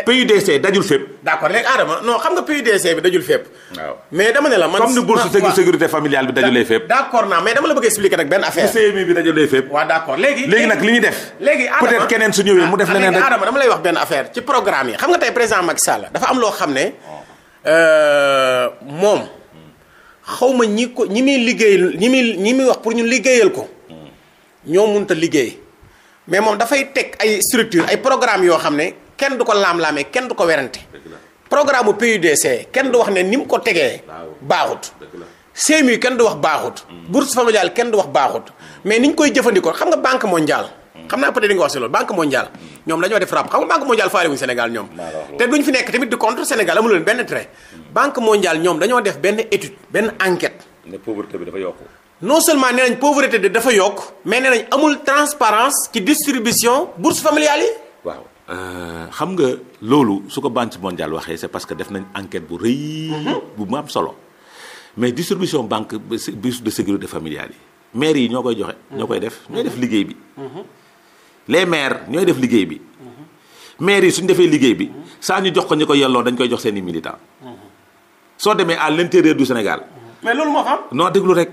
PUDC dajul xam nga PUDC bi dajul fépp. waaw mais d' accord naa mais dama la bëgg expliquer nag benn affaire. CMU bi léegi nag li ñu def. léegi Adama peut keneen su ñëwee mu def leneen rek. Adama dama lay wax benn affaire ci programme yi xam nga tey président Macky Sall dafa am loo xam ne oh. euh, moom xaw ma ñi ko ñi muy liggéey ñi muy ñi muy wax pour ñu liggéeyal ko ñoo mënut a liggéey mais moom dafay teg ay structure ay programme yoo xam ne kenn du ko laam-laamee kenn du ko werante programme bu PUDC kenn du wax ne ni mu ko tegee baaxut CMU kenn du wax baaxut mm. bourse familiale kenn du wax baaxut mm. mais ni ñu koy jëfandikoo xam nga banque mondiale xam naa peut être di nga wax si loolu banque mondiale ñoom dañoo def rap xam nga banque mondiale ñoom nekk tamit di contre Sénégal amuloon benn ñoom dañoo def benn étude benn enquête ne pauvreté bi dafa yokk non seulement nee nañ pauvreté bi dafa yokk mais nee nañ amul transparence ci distribution bourse familiale yi waaw xam nga loolu su ko banque mondiale waxee c'est parce que def nañ enquête bu rëy bu mu am solo mais distribution banque bourse de sécurité familiale yi maire yi ñoo koy joxe ñoo koy def ñooy liggéey bi les maires ñooy def liggéey bi maires yi suñu defee liggéey bi saa ñu jox ko ñu ko yelloo dañ koy jox seen i militants soo demee à l'intérieur du Sénégal. mais loolu moo xam. non déglu rek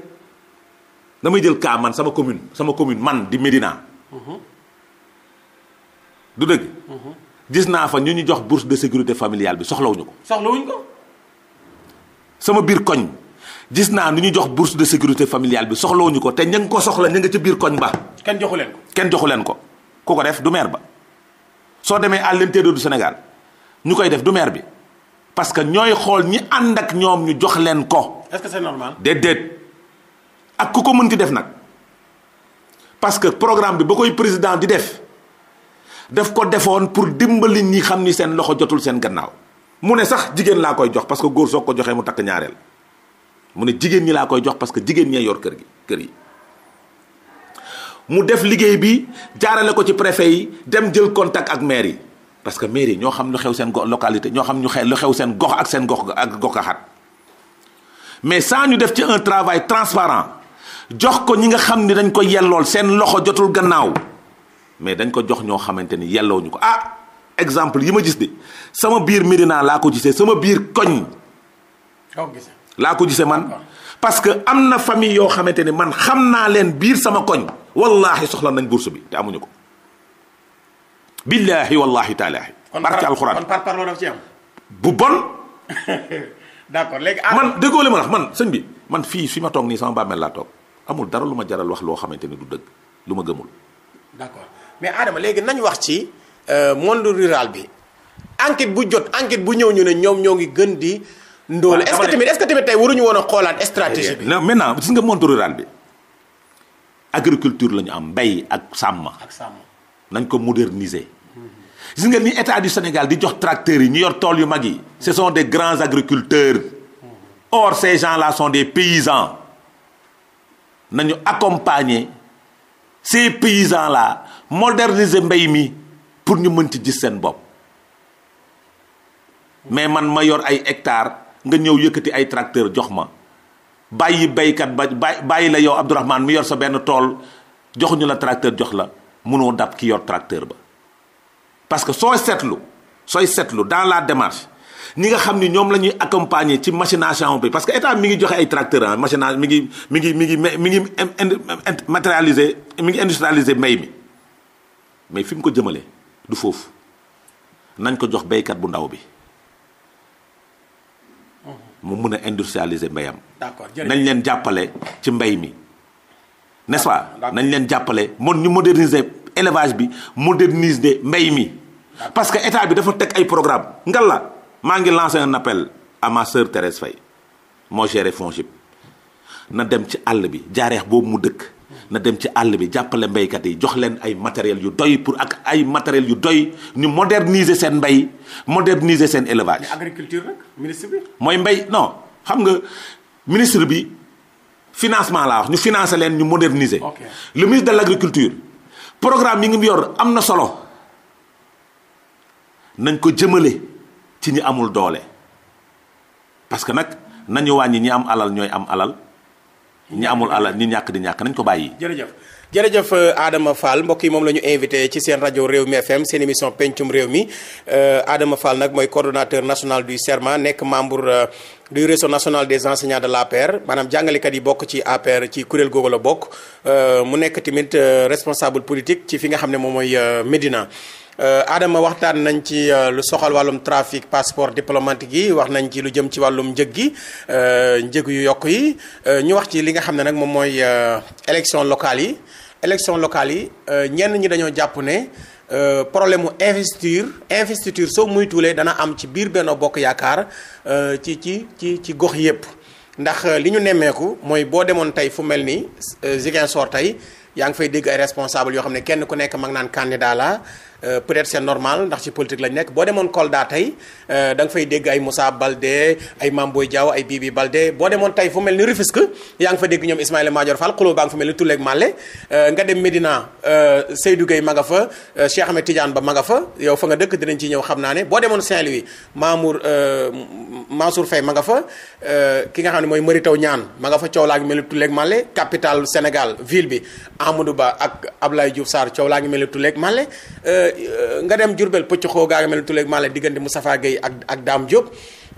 damay jël kaa man sama commune sama commune man di Médina. du dëgg. gis naa fa ñu ñu jox bourse de sécurité familiale bi soxlawuñu ko. soxlawuñu ko. sama biir koñ gis naa nu ñu jox bourse de sécurité familiale bi soxlawuñu ko te ña ngi ko soxla ña nga ca biir koñ ba. kenn joxu leen ko kenn joxu leen ko. ku ko def du maire ba soo demee à l'intérieur du Sénégal ñu koy def du maire bi parce que ñooy xool ñi ànd ak ñoom ñu jox leen ko. est-ce que c'est normal. ak ku ko mënti def nag parce que programme bi ba koy président di def daf ko defoon pour dimbali ñi xam ni seen loxo jotul seen gannaaw mu ne sax jigéen laa koy jox parce que góor soo ko joxee mu takk ñaareel mu ne jigéen ñi laa koy jox parce que jigéen ñee yor kër gi kër yi. mu def liggéey bi jaarale ko ci préfet yi dem jël contact ak maire yi parce que maire yi ñoo xam lu xew seen go localité ñoo xam ñu xew lu xew seen gox ak seen gox ak goxaat mais sans ñu def ci un travail transparent jox ko ñi nga xam ni dañ ko yellool seen loxo jotul gannaaw mais dañ ko jox ñoo xamante ni yelloo ñu ko ah exemple yi ma gis de sama biir Médina laa ko gisee sama biir koñ laa ko gisee man parce que am na famille yoo xamante ni man xam naa leen biir sama koñ wallahi soxla nañ bourse bi te amuñu ko billahi wallahi taalaahi barke alxuraan kon par parloo daf ci am bu bon d'accord léegi ah. man déggoo li ma wax man sëñ bi man fii fi ma toog nii sama bàmmeel laa toog amul dara lu ma jaral wax loo xamante ni du dëgg lu ma gëmul d'accord mais Adama léegi nañ wax ci euh, monde rural bi enquête bu jot enquête bu ñëw ñu ne ñoom ñoo ngi gën di ndóol est-ce que tamit est-ce que tamit tey waruñu woon a xoolaat stratégie eh, bi. non maintenant gis nga monde rural bi agriculture la ñu am mbay ak sàmma sàmm nañ ko moderniser. gis nga ni état du Sénégal di jox tracteurs yi ñu yor tool yu mag yi. ce sont des grands agriculteurs. or ces gens-là son des paysans. nañu accompagner ces paysans-là moderniser mbay mi pour ñu mën ci gis seen bopp. mais man ma yor ay hectares. nga ñëw yëkkati ay tracteur jox ma bàyyi baykat ba bàyyi la yow Abdourahmane mi yor sa benn tool joxuñu la tracteur jox la mënoo dab ki yor tracteur ba parce que sooy seetlu sooy seetlu dans la démarche ñi nga xam ni ñoom la ñuy accompagner ci machination bi parce que état mi ngi joxe ay tracteur ah machinage mi ngi mi ngi mi ngi mi ngi matérialiser mi ngi industrialiser mbay mi mais fi mu ko jëmale du foofu nañ ko jox béykat bu ndaw bi mu mun a industrialiser mbéyam. d'accord nañ leen jàppale ci mbay mi n'est-ce pas. nañ leen jàppale moom ñu moderniser élevage bi moderniser mbéy mi. parce que état bi dafa teg ay programme ngal la maa ngi lancé na appel à ma sœur Thérèse Faye moo géré FONGIP na dem ci àll bi jaareex boobu mu dëkk. na dem ci àll bi jàppale mbéykat yi jox leen ay matériel yu doy pour ak ay matériel yu doy ñu moderniser seen mbéy moderniser seen élevage. mais agriculture ministre mooy mbéy no xam nga ministre bi financement laa wax ñu financer leen ñu moderniser. le ministre de l' agriculture programme yi ngi mu yor am na solo nañ ko jëmale ci ñi amul doole parce que nag nañu wàññi ñi am alal ñooy am alal. ñi amul alal ni ñàkk di ñàkk nañ ko bàyyi. jërëjëf jërëjëf euh, Adama Fall mbokk yi moom la ñu invité ci seen rajo réew mi FM seen émission pencum réew mi euh, Adama Fall nag mooy coordonnateur national du serment nekk membre euh, du réseau national des enseignants de l'APR maanaam jàngalekat yi bokk ci APR ci kuréel googu la bokk mu nekk tamit responsable politique ci fi nga xam ne moom mooy Médina. Euh, Adama waxtaan nañ ci euh, lu soxal wàllum trafic passeport diplomatique yi wax nañ ci lu jëm ci wàllum njëg gi euh, njëg yu yokk yi ñu wax ci li nga xam ne nag moom mooy élection locale yi élection locale yi ñenn ñi dañoo jàpp ne Euh, problème mu investiture investiture soo muy tuulee dana am ci biir benn Bokk Yaakaar euh, ci ci ci ci gox yépp ndax li ñu nemmeeku mooy boo demoon tey fu mel ni euh, Ziguinchor tey yaa ngi fay dégg ay responsable yoo xam ne kenn ku nekk mag naan candidat la Euh, peut-être c'est normal ndax ci politique lañ nekk boo demoon Kolda tey euh, danga fay dégg ay Moussa Baldé ay Mame Boye Diao ay Bibi Baldé boo demoon tey fu mel ni Rufisque yaa ngi fa dégg ñoom Ismaïla Madior Fall xuloo baa nga fa mel ni Tulle ak Mallé euh, nga dem Médina Seydou Gueye ma nga fa Cheikh Ahmed Tidiane Ba ma nga fa yow fa nga dëkk dinañ ci ñëw xam naa ne boo demoon Saint-Louis Mamour Mansour Faye ma nga fa ki nga xam ne mooy Mary Teuw ma nga fa coow laa mel ni Tulle ak Mallé Sénégal ville bi Amadou Ba ak Abdoulaye Diouf Sarr coow laa ngi mel ni Tulle nga dem Diourbel pëcc xoo gaa mel tuleeg maa la diggante Moustapha Gueye ak ak Dame Diop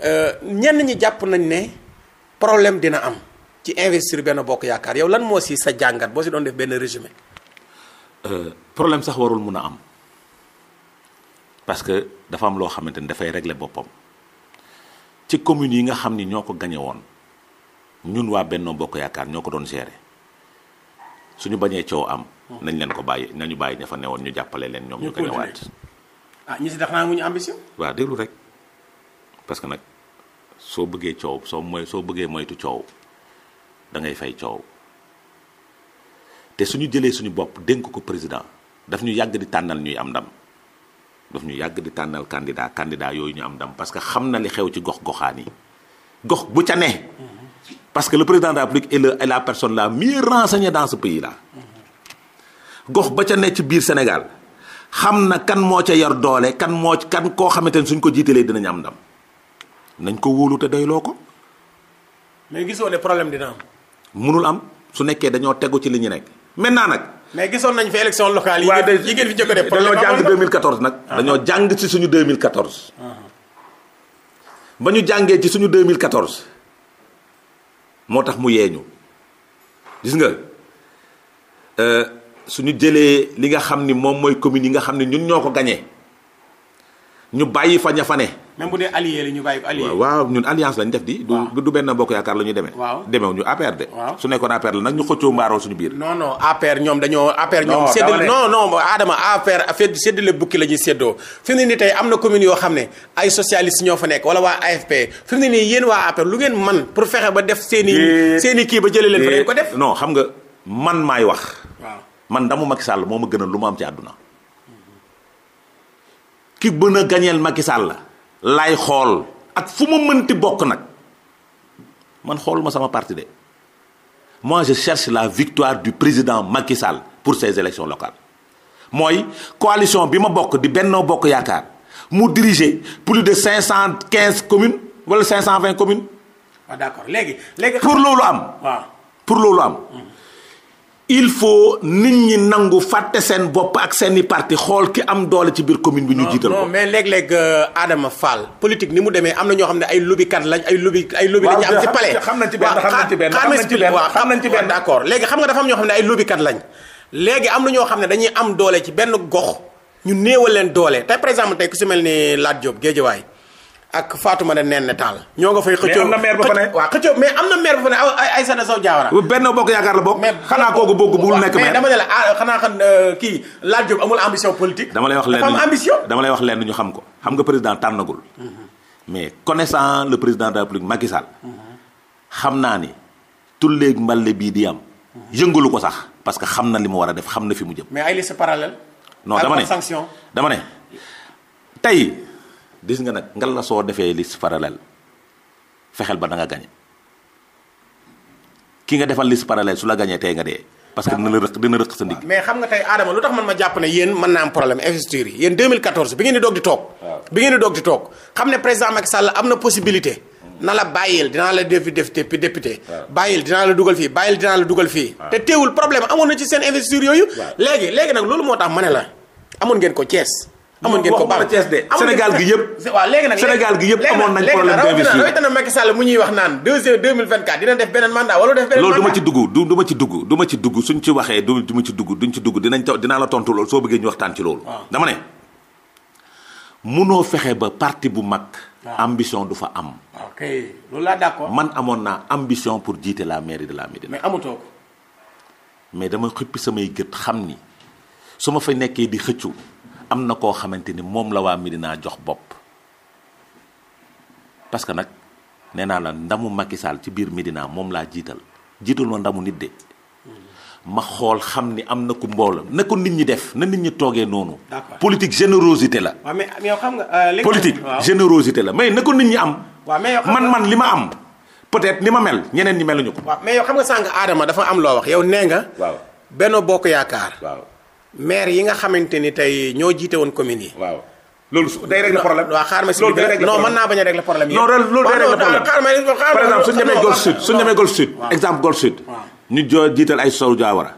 euh, ñenn ñi jàpp nañ ne problème dina am ci investir benn bokk yaakaar yow lan moo si sa jàngat boo si doon def benn résumé. Euh, problème sax warul mun a am parce que dafa am loo xamante ni dafay régler boppam ci communes yi nga xam ni ñoo ko gañe woon ñun waa Benno Bokk Yaakaar ñoo ko doon gérer suñu bañee coow am. nañ leen ko bàyyi nañu bàyyi ña fa newoon ñu jàppale leen ñoom ñu ko ñëwaat ah ñi si tax naa amuñu ambition waa déglu rek parce que nag soo bëggee coow soo mooy soo bëggee moytu coow da ngay fay coow te suñu jëlee suñu bopp dénk ko président daf ñu yàgg di tànnal ñuy am ndam daf ñu yàgg di tànnal candidat candidat yooyu ñu am ndam parce que xam na li xew ci gox goxaan yi gox bu ca ne mm-hmm. parce que le président de la la personne la mieux renseignée dans ce pays gox ba ca ne ci biir Sénégal xam na kan moo ca yar doole kan moo kan koo xamante ne suñ ko jiitalee dinañ am ndam nañ ko wóolu te doyloo ko. mais gisoo ne problème dina am. munul am su nekkee dañoo tegu ci li ñu nekk maintenant nag. mais gisoon nañ fi élection locale yi. yi ngeen fi njëkk a def problème dañoo jàng 2014 nag. Ah. dañoo jàng ci suñu 2014. Ah. ba ñu jàngee ci suñu 2014 moo tax mu yeeñu gis nga. Euh, su ñu jëlee li nga xam ni moom mooy commune yi nga xam ne ñun ñoo ko gañee ñu bàyyi fa ña fa ne. même bu dee allié la ñu bàyyi ko allié. waaw ñun alliance lañ def di. du du benn bokk yaakaar la ñu demee. waaw demeewuñu de. waaw su nekkoon APR la nag ñu xëccoo mbaaroo suñu biir. non non APR ñoom dañoo. APR ñoom séddale non non Adama APR affaire séddale bukki la ñuy séddoo fi mu ne nii tey am na commune yoo xam ne ay socialiste ñoo fa nekk wala waa AFP fi ne nii yéen waa APR lu ngeen man pour fexe ba def seeni i. seen kii ba jëlee leen fa ko def. non xam nga man maay wax. waaw man damu Macky Sall moo ma gën a lu ma am ci àdduna ki bën a gañeel Macky la lay xool ak fu ma mënti bokk nag man xooluma sama parti de moi je cherche la victoire du président Macky Sall pour ces élections locales mooy coalition bi ma bokk di Benno Bokk Yaakaar mu diriger plus de cinq cent quinze communes wala cinq cent vingt communes. waaw ah, léegi léegi. pour loolu am. pour loolu am. Mhm. il faut nit ñi nangu fàtte seen bopp ak seeni parti xool ki am doole ci biir commune bi ñu jiital ko. mais léeg-léeg euh, Adama Fall politique ni mu demee am na ñoo xam ne ay lobbykat lañ ay lobby ay lobby lañu am ci palais xam nañ ci benn léegi xam nga dafa am ñoo xam ne léegi am na ñoo xam ne dañuy am doole ci benn gox ñu néewal leen doole tey par exemple tey ku si mel ni Lat Diop Guédiawaye ak Fatoumata Néné Tall. ñoo nga fay xëccoo mais am na maire ba fa ne. waaw xëccoo am na maire ba fa ne ay Aïssata Sow Diawara. Benno Bokk Yaakaar la bokk. xanaa kooku bokk bul nekk mais dama ne la ah xanaa xam euh, lay wax lenn dafa am ambition. dama lay wax lenn ñu xam ko xam nga président tànnagul. Mm-hmm. mais connaissant le président de République Macky mm-hmm. xam naa ni tulleeg mballe bii di am. Mm-hmm. yëngalu ko sax parce que xam na li mu war a def xam na fi mu jëm. mais ay liste parallèle. non dama ne dama ne tey. dis nga nag ngal la soo defee liste parallèle fexeel ba da nga gañe ki nga defal liste parallèle su la gañee tey nga dee. parce que ah. dina la rëq dina rëq sa ndigg mais xam nga tey Adama lu tax man ma jàpp ne yéen mën naa am problème yéen 2014 bi ngeen di doog di toog. bi ngeen di toog xam ne président Macky Sall am na possibilité. Hmm. na la bàyyil dinaa la def def député. bàyyil dinaa la dugal fii bàyyil dinaa la dugal fii. te teewul problème amoon na ci seen investiture yooyu. léegi léegi nag loolu moo tax ma ne la amoon ngeen ko cees amoon ngeen ko baax Sénégal gi yëpp. waaw léegi nag Sénégal gi yëpp amoon nañ problème d' investissement nag wax naan deuxième 2024 dina def beneen mandat wala def beneen mandat. loolu du ma ci dugg du ci dugg suñ ci waxee du ma ci dugg duñ ci dugg dinañ taw dinaa la tontu loolu soo bëggee ñu waxtaan ci loolu. dama ne munoo fexe ba parti bu mag. ambition du fa am. loolu laa d'accord. man amoon naa ambition pour jiite la mairie de la Médina. mais amutoo ko. mais dama xippi samay gët xam ni su ma fa nekkee di xëccu am na koo xamante ni moom la waa Médina jox bopp parce que nag nee naa la ndamu Macky Sall ci biir Médina moom laa jiital jiital ma ndamu nit de ma xool xam ni am na ku mbooloo na ko nit ñi def na nit ñi toogee noonu. politique générosité la. waaw mais yow xam nga euh, politique générosité la mais na ko nit ñi am. man man li ma am. peut-être ni ma mel ñeneen ñi meluñu ko. waaw mais yow xam nga sànq Adama dafa am loo wax yow nee nga. waaw Benno Bokk Yaakaar. waaw. maire yi nga xamante ni tey ñoo jiite woon communes yi. waaw loolu su day régler problème. waaw xaaral ma si biir non mën naa bañ a régler problème yi. non ren loolu day régler problème par exemple suñu demee Golf Sud suñu demee Golf Sud. exemple Golf Sud. ñu joo jiital ay Sow Diawara.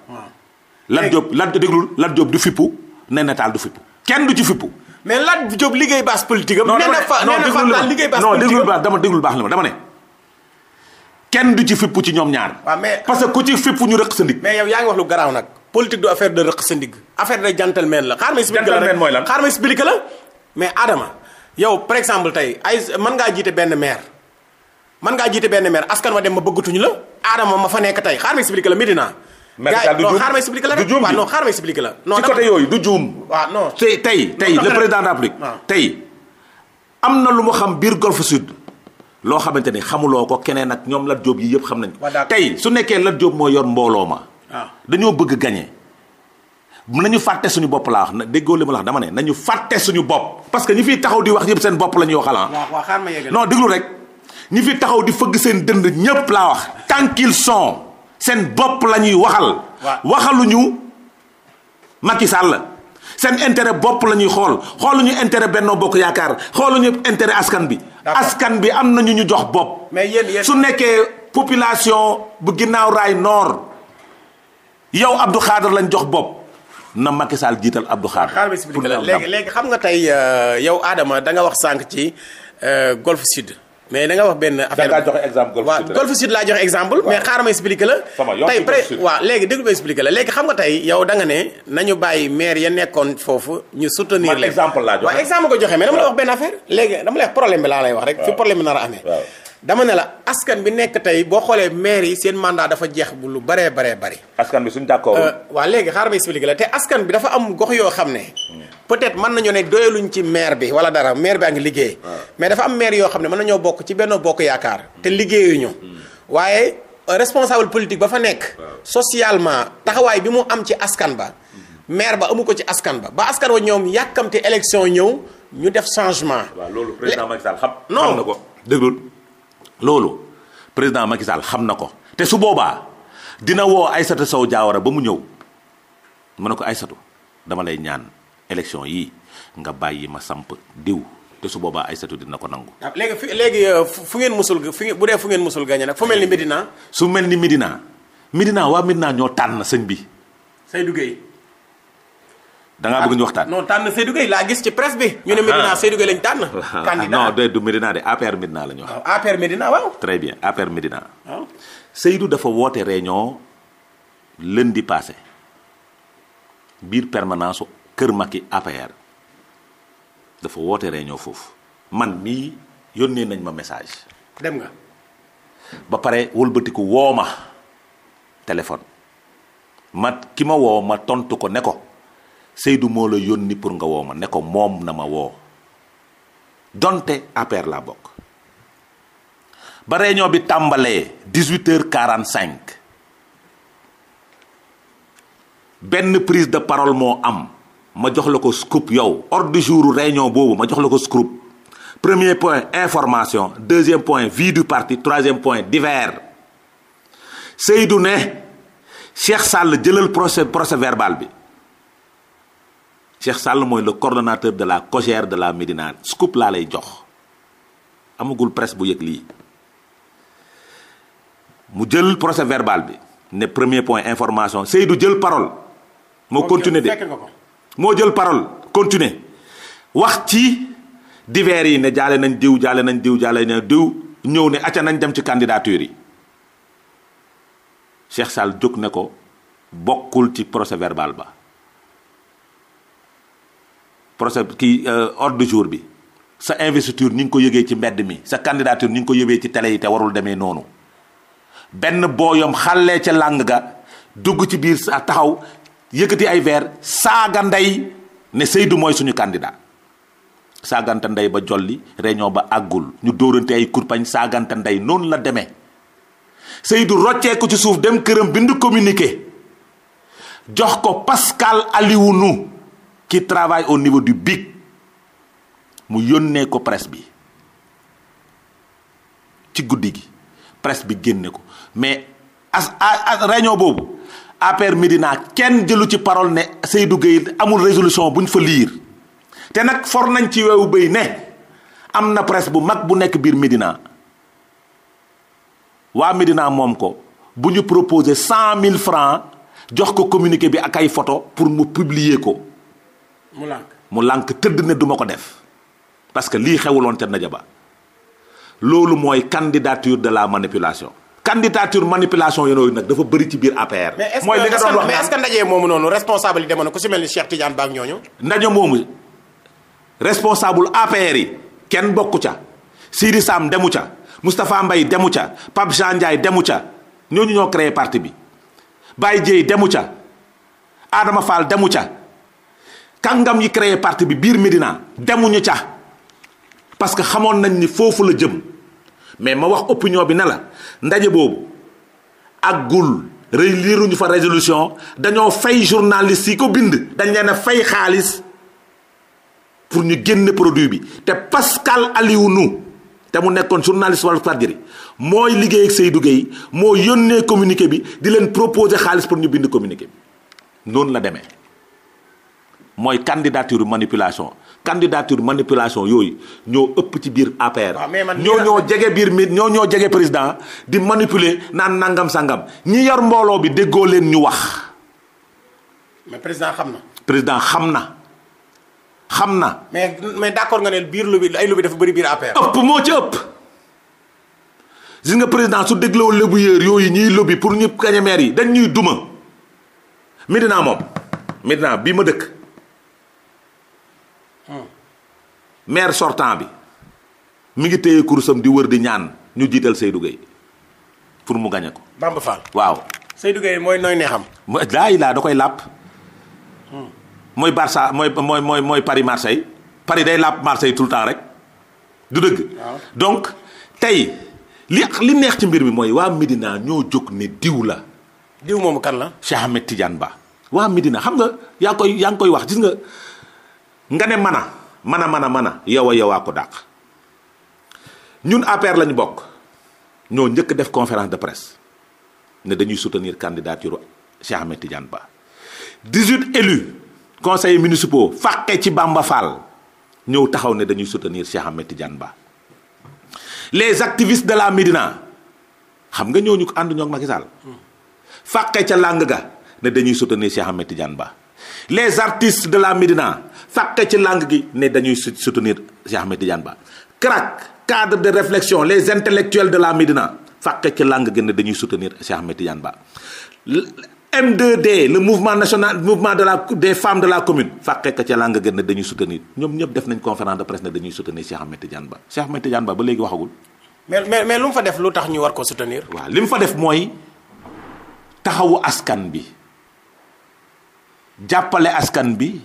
Lat Diop Lat déglul Lat Diop du fippu ne nataal du fippu kenn du ci fippu. mais Lat Diop liggéey base politique am. nee na fa nee na fa daal liggéey base politique non dama déglul baax la ma dama ne. kenn du ci fippu ci ñoom ñaar. waaw mais parce que ku ci fippu ñu rëq sa ndig. mais yow yaa ngi wax lu garaaw nag politique du affaire de rëq sa ndig affaire de gentleman la xaar ma expliqué la rek la mais Adama yow par exemple tey ay mën ngaa jiite benn maire mën ngaa jiite benn maire askan ma dem ma bëggatuñu la Adama ma fa nekk tey xaar ma expliqué la Medina gaa non xaar ma expliqué la rek waaw non la non ci côté yooyu du juum waaw ah, non tey tey tey le président de la tey am na lu mu xam biir Golfe Sud loo xamante ni xamuloo ko keneen ak ñoom Lat Diop yi yëpp xam nañ ko tey su nekkee Lat Diop moo yoon mbooloo ma ah. dañoo bëgg gagner nañu fàtte suñu bopp laa wax déggoo li ma la wax dama ne nañu fàtte suñu bopp parce que ñi fiy taxaw di wax yëpp seen bopp la ñuy waxal ah. non déglu rek ñi fi taxaw di fëgg seen dënd ñépp laa wax tant qu'ils sont seen bopp la ñuy waxal waxaluñu Macky la seen intérêt bopp la ñuy xool xooluñu intérêt Benno Bokk Yaakaar xoolu xooluñu intérêt askan bi askan bi am na ñu ñu jox bopp su nekkee population bu ginnaaw raay noor yow Abdou Khadre lañ jox bopp na Macky Sall jiital Abdou Khadre. pour nga léegi léegi xam nga tey euh, yow aadama da nga wax sànq ci euh, Golf Sud. mais da nga wax benn affaire da nga exemple Golf Sud. laa joxe exemple. mais xaaral ma expliqué la. tey pré waaw léegi déglu ma expliqué la léegi xam nga tey yow danga nga ne nañu bàyyi maire ya nekkoon foofu ñu soutenir leen. man exemple laa joxe waaw ko joxe mais dama la wax benn affaire. léegi dama la problème bi laa lay wax rek. fi problème bi nar a amee. dama ne la askan bi nekk tey boo xoolee maire yi seen mandat dafa jeex bu lu baree baree bari. askan bi suñu d'accord. Euh, waa léegi xaaral ma expliqué la te askan bi dafa am gox yoo xam ne. peut-être mën nañu ne doyaluñ ci maire bi wala dara maire baa ngi liggéey. Ah. mais dafa am maire yoo xam ne mën nañoo bokk ci benn bokk yaakaar. te liggéeyuñu. Hmm. waaye euh, responsable politique ba fa nekk. socialement taxawaay bi mu am ci askan ba. Hmm. maire ba amu ko ci askan ba ba askan wa ñoom yàkkamte élection ñëw ñu def changement. waaw loolu président Macky Sall na ko déglul loolu président Macky xam na ko te su boobaa dina woo Aïssata Sow Diawara ba mu ñëw mu ne ko Aïssatu dama lay ñaan élection yi nga bàyyi ma samp diw te su boobaa Aïssatu dina ko nangu. Ah, léegi fi léegi euh, fu ngeen musul fu bu dee fu ngeen musul gagné nag fu mel ni Medina. su mel ni Medina Medina waa Medina ñoo tànn sëñ bi. Seydou Gueye. da bëgg ñu waxtaan. non tànn Seydou Gueye laa gis ci presse bi. ñu ne Medina ah. Seydou Gueye lañ tànn. Ah, ah, candidat non de du Medina de APR Medina la ñu wax. waaw APR Medina waaw. très dafa woote réunion lundi passé biir permanence kër Macky APR dafa woote réunion foofu man mii yónnee nañ ma message. dem nga. ba pare wëlbatiku woo ma téléphone ma ki ma woo ma tontu ko ne ko. Seydou moo la yónni pour nga woo ma ne ko moom na ma woo donte APR laa bokk ba réunion bi tàmbalee 18h45 benn prise de parole moo am ma jox la ko scoop yow ordre jour jour réunion boobu ma jox la ko scoop premier point information deuxième point vie du parti troisième point divers Seydou ne Cheikh Sall jëlal procès procès verbal bi. Cheikh Sall mooy le coordonnateur de la COJER de la Médina scoop laa lay jox amagul presse bu yëg lii mu jël procès verbal bi ne premier point information Seydou jël parole. moo continuer de moo jël parole continuer wax ci divers yi ne jaale nañ diw jaale nañ diw jaale nañ diw ñëw ne acca nañ dem ci candidature yi Cheikh Sall jóg ne ko bokkul ci procès verbal ba. procès kii euh, ordre jour bi sa investiture ñu ngi ko yëgee ci mbedd mi sa candidature ñu ngi ko yëgee ci télé yi te warul demee noonu benn booyom xàllee ca làng ga dugg ci biir sa taxaw yëkkati ay verre saaga ndey ne Seydou mooy suñu candidat saagante ndey ba jolli réunion ba àggul ñu dóorante ay kurpañ saagante ndey noonu la demee Seydou rocceeku ci suuf dem këram bind communiqué jox ko Pascal Aliounou qui travaille au niveau du BIC mu yónnee ko presse bi ci guddi gi presse bi génne ko mais as as réunion boobu APR Médina kenn jëlu ci parole ne Seydou Gueye amul résolution buñ fa liir te nag for nañ ci weewu béy ne am na presse bu mag bu nekk biir Médina waa Médina moom ko bu ñu proposer cent mille francs jox ko communiqué bi ak ay photo pour mu publier ko. mu lànk mu lànk tëdd ne duma ko def parce que lii xewuloon ca ndaje ba loolu mooy candidature de la manipulation. candidature manipulation yooyu nag dafa bëri ci biir APR. mooy li nga doon wax mais est-ce que ndaje moomu noonu responsable yi demoon na ku si mel ni Cheikh Tidiane Ba ak ñooñu. yi kenn bokku ca Sidi Sam demu ca Moustapha mbay demu ca Pape Jean Ndiaye demu ca ñooñu ñoo créé parti bi Baye Dieye demu ca Adama Fall demu ca. kàngam yi créer parti bi biir Médina demuñu ca parce que xamoon nañ ni foofu la jëm mais ma wax opinion bi ne la ndaje boobu ak gul rëy fa résolution dañoo fay journaliste yi ko bind dañ leen a fay xaalis pour ñu génn produit bi te Pascal nu te mu nekkoon journaliste Walf Fadjri mooy liggéey ak Seydou Gueye moo yónnee communiqué bi di leen proposer xaalis pour ñu bind communiqué bi noonu la demee mooy candidature manipulation candidature manipulation yooyu ñoo ëpp ci biir APR. ñoo ñoo jege biir mi ñoo ñoo jege président di manipuler naan nangam sangam ñi yor mbooloo bi déggoo leen ñu wax. mais président xam na. président xam na xam na. mais mais d'accord nga ne biir lu bi ay lu dafa bëri biir APR. ëpp moo ci ëpp. gis nga président su dégloo lobbyeur yooyu ñuy lobby pour ñu gañe yi dañ ñuy duma Médina moom Médina bii ma dëkk. maire sortant bi mu ngi téye kurusam di wër di ñaan ñu jiital say Gueye pour mu gañe ko. waaw. Seydou Gueye mooy nooy neexam. mooy daay laa da koy làpp. mooy Barça mooy mooy mooy mooy Paris Marseille Paris day làpp Marseille tout le temps rek du dëgg. tey li li neex ci mbir mi mooy waa Medina ñoo jóg ni diw la. diw moomu kan la. Cheikh Ahmed Tidiane Ba. waa Medina xam nga yaa koy yaa ngi koy wax gis nga nga ne mana mën a mën a mën a yow a yowaa ko dàq ñun APR lañu bokk ñoo njëkk def conférence de presse ne dañuy soutenir candidature Cheikh Ahmed Tidiane Ba 18 élus conseillers municipaux fàqe ci Bamba Fall ñëw taxaw ne dañuy soutenir Cheikh Ahmed Tidiane Ba les activistes de la Médina xam nga ñëw ñooñu ànd ñoo Macky Sall fàqe ca làng ga ne dañuy soutenir Cheikh Ahmed Tidiane Ba les artistes de la Médina fàqe ci langue gi ne dañuy soutenir Cheikh Ahmed Tidiane Ba CRAC cadre de réflexion les intellectuels de la Médina fàqe ci langue gi ne dañuy soutenir Cheikh Ahmed Tidiane Ba M2D le mouvement national mouvement de la des femmes de la commune fàqe ko ca langue gi ne dañuy soutenir ñoom ñëpp def nañ conférence de presse ne dañuy soutenir Cheikh Ahmed Tidiane Ba Cheikh Ahmed waxagul. mais mais lu mu fa def lu tax ñu war ko soutenir. waaw li mu fa def mooy taxawu askan bi jàppale askan bi.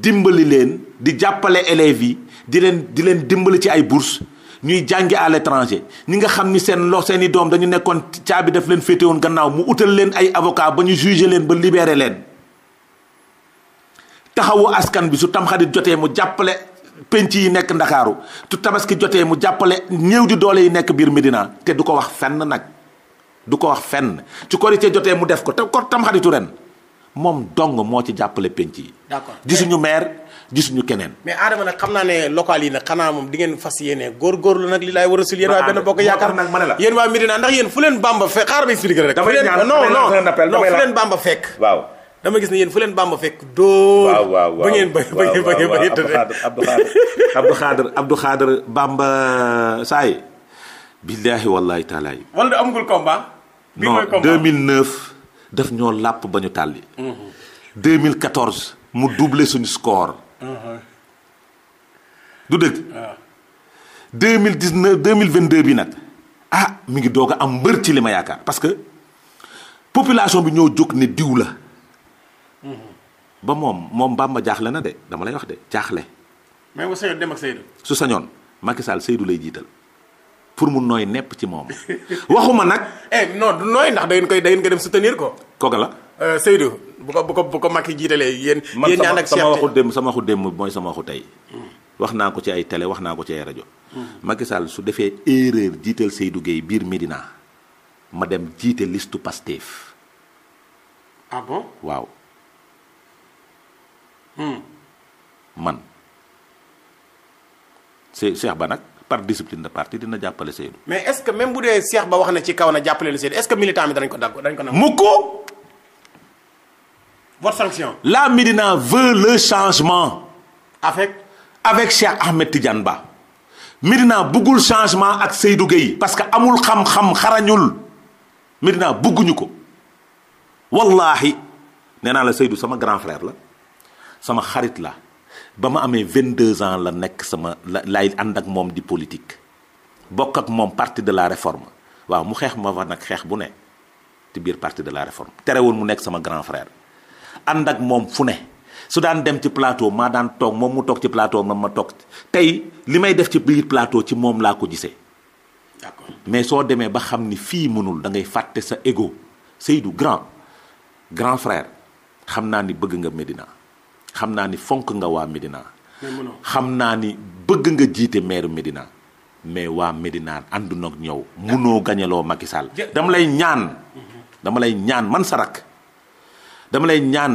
dimbali leen di jàppale élèves yi di leen di leen dimbali ci ay bourses ñuy jàngi à l'étranger ñi nga xam ni seen lo seeni doom dañu nekkoon caabi daf leen féete woon gannaaw mu utal leen ay avocat ba ñu jugé leen ba libéré leen taxawu askan bi su tamxarit jotee mu jàppale penc yi nekk ndakaaru tu tabaski jotee mu jàppale ñëw di doole yi nekk mbir Médina te du ko wax fenn nag du ko wax fenn ci korité jotee mu def ko te ko tamxaritu ren moom dong moo ci jàppale penc yi. d'accord gisuñu maire gisuñu keneen. mais Adama nag xam naa ne local yi nag xanaa moom di ngeen fas yéene góorgóorlu nag li laay war a sul yéen waa benn bokk yaakaar nag ma ne la yéen waa Médina ndax yéen fu leen Bamba fekk ma fekk. waaw dama gis ne yéen fu leen Bamba fekk. ba ngeen ba ngeen ba ngeen ba ngeen tëddee Abdou ba Abdou Khader Bamba Saaye. billaahi wallaahi taalaay. wala amagul combat. bi mooy combat non 2009. def ñoo làpp ba ñu mille 2014 mu doublé suñu score. Uh-huh. du dëgg. mille mille 2019 2022 bi nag ah mi ngi doog a am mbër ci li ma yaakaar parce que population bi ñoo jóg ni diw la. Mm-hmm. ba moom moom mbaam Bamba jaaxle na de dama lay wax de jaaxle. mais su sañoon dem ak su sañoon Macky Sall Seydou lay jiital. pour mu nooy nepp ci moom waxuma nag. eh non nooy ndax da ngeen koy da ngeen ko dem soutenir ko. kooka la. Euh, Seydou bu ko bu ko bu ko Macky jiitalee yéen. yéen ñaan ak sama waxu démb sama waxu démb mooy sama waxu tey. wax naa ko ci ay tele wax naa ko ci ay rajo. Hmm. Macky su defee erreur jiital Seydou Gueye biir Médina ma dem jiite listu Pastef. ah bon waaw. Hmm. man. Cheikh Ba nag. par discipline de parti dina jàppale Seydou. mais est-ce que même bu dee Cheikh Ba wax na ci kaw na jàppale la Seydou est-ce que militant bi dañ ko dàgg dañ ko nangu. mu ko. votre sanction. la Médina veut le changement. avec avec Cheikh Ahmed Tidiane Ba. Médina bëggul changement ak Seydou Gueye. parce que amul xam xarañul. Médina bëgguñu ko. wallaahi nee naa la Seydou sama grand frère la sama xarit la. ba ma amee vingt deux ans la nekk sama la lay ànd ak moom di politique bokk ak moom parti de la réforme waaw mu xeex ma fa nag xeex bu ne te biir parti de la tere woon mu nekk sama grand frère ànd ak moom fu ne su daan dem ci plateau maa daan toog moom mu toog ci plateau ma ma toog tey li may def ci biir plateau ci moom laa ko gisee. d'accord mais soo demee ba xam ni fii mënul da ngay fàtte sa ego Seydou grand grand frère xam naa ni bëgg nga Médina. xam naa ni fonk nga waa Médina xam naa ni bëgg nga jiite meeru Médina mais waa Médina ànduna nag ñëw munoo gañaloo Macky Sall dama lay ñaan dama lay ñaan man sa rakk dama lay ñaan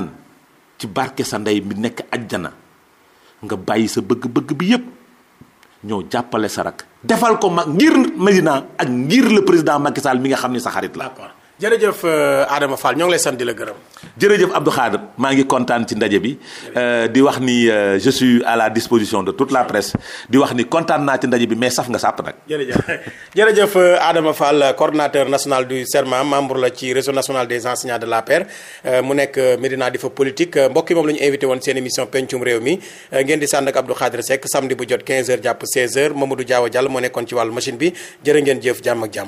ci barke sa ndey bi nekk ajjana nga bàyyi sa bëgg-bëgg bi yépp ñoo jàppale sa rakk defal ko mag ngir Médina ak ngir la président Macky Sall mi nga xam ni sa xarit la jërëjëf euh, Adama Fall ñoo ngi lay sant di la gërëm. jërëjëf Abdou Khader maa ngi kontaan ci ndaje bi euh, di wax ni euh, je suis à la disposition wax ni kontaan naa ci ndaje bi mais saf nga sàpp nag. jërëjëf jërëjëf Adama Fall coordonnateur national du CERMA membre la ci réseau national des enseignants de l'APR mu nekk Medina di fa politique mbokk yi moom la ñu invité woon seen émission pencum réew mi ngeen di sànd ak Abdou Khader Seck samedi bu jot 15h jàpp 16h Mamadou Diaw Diallo moo nekkoon ci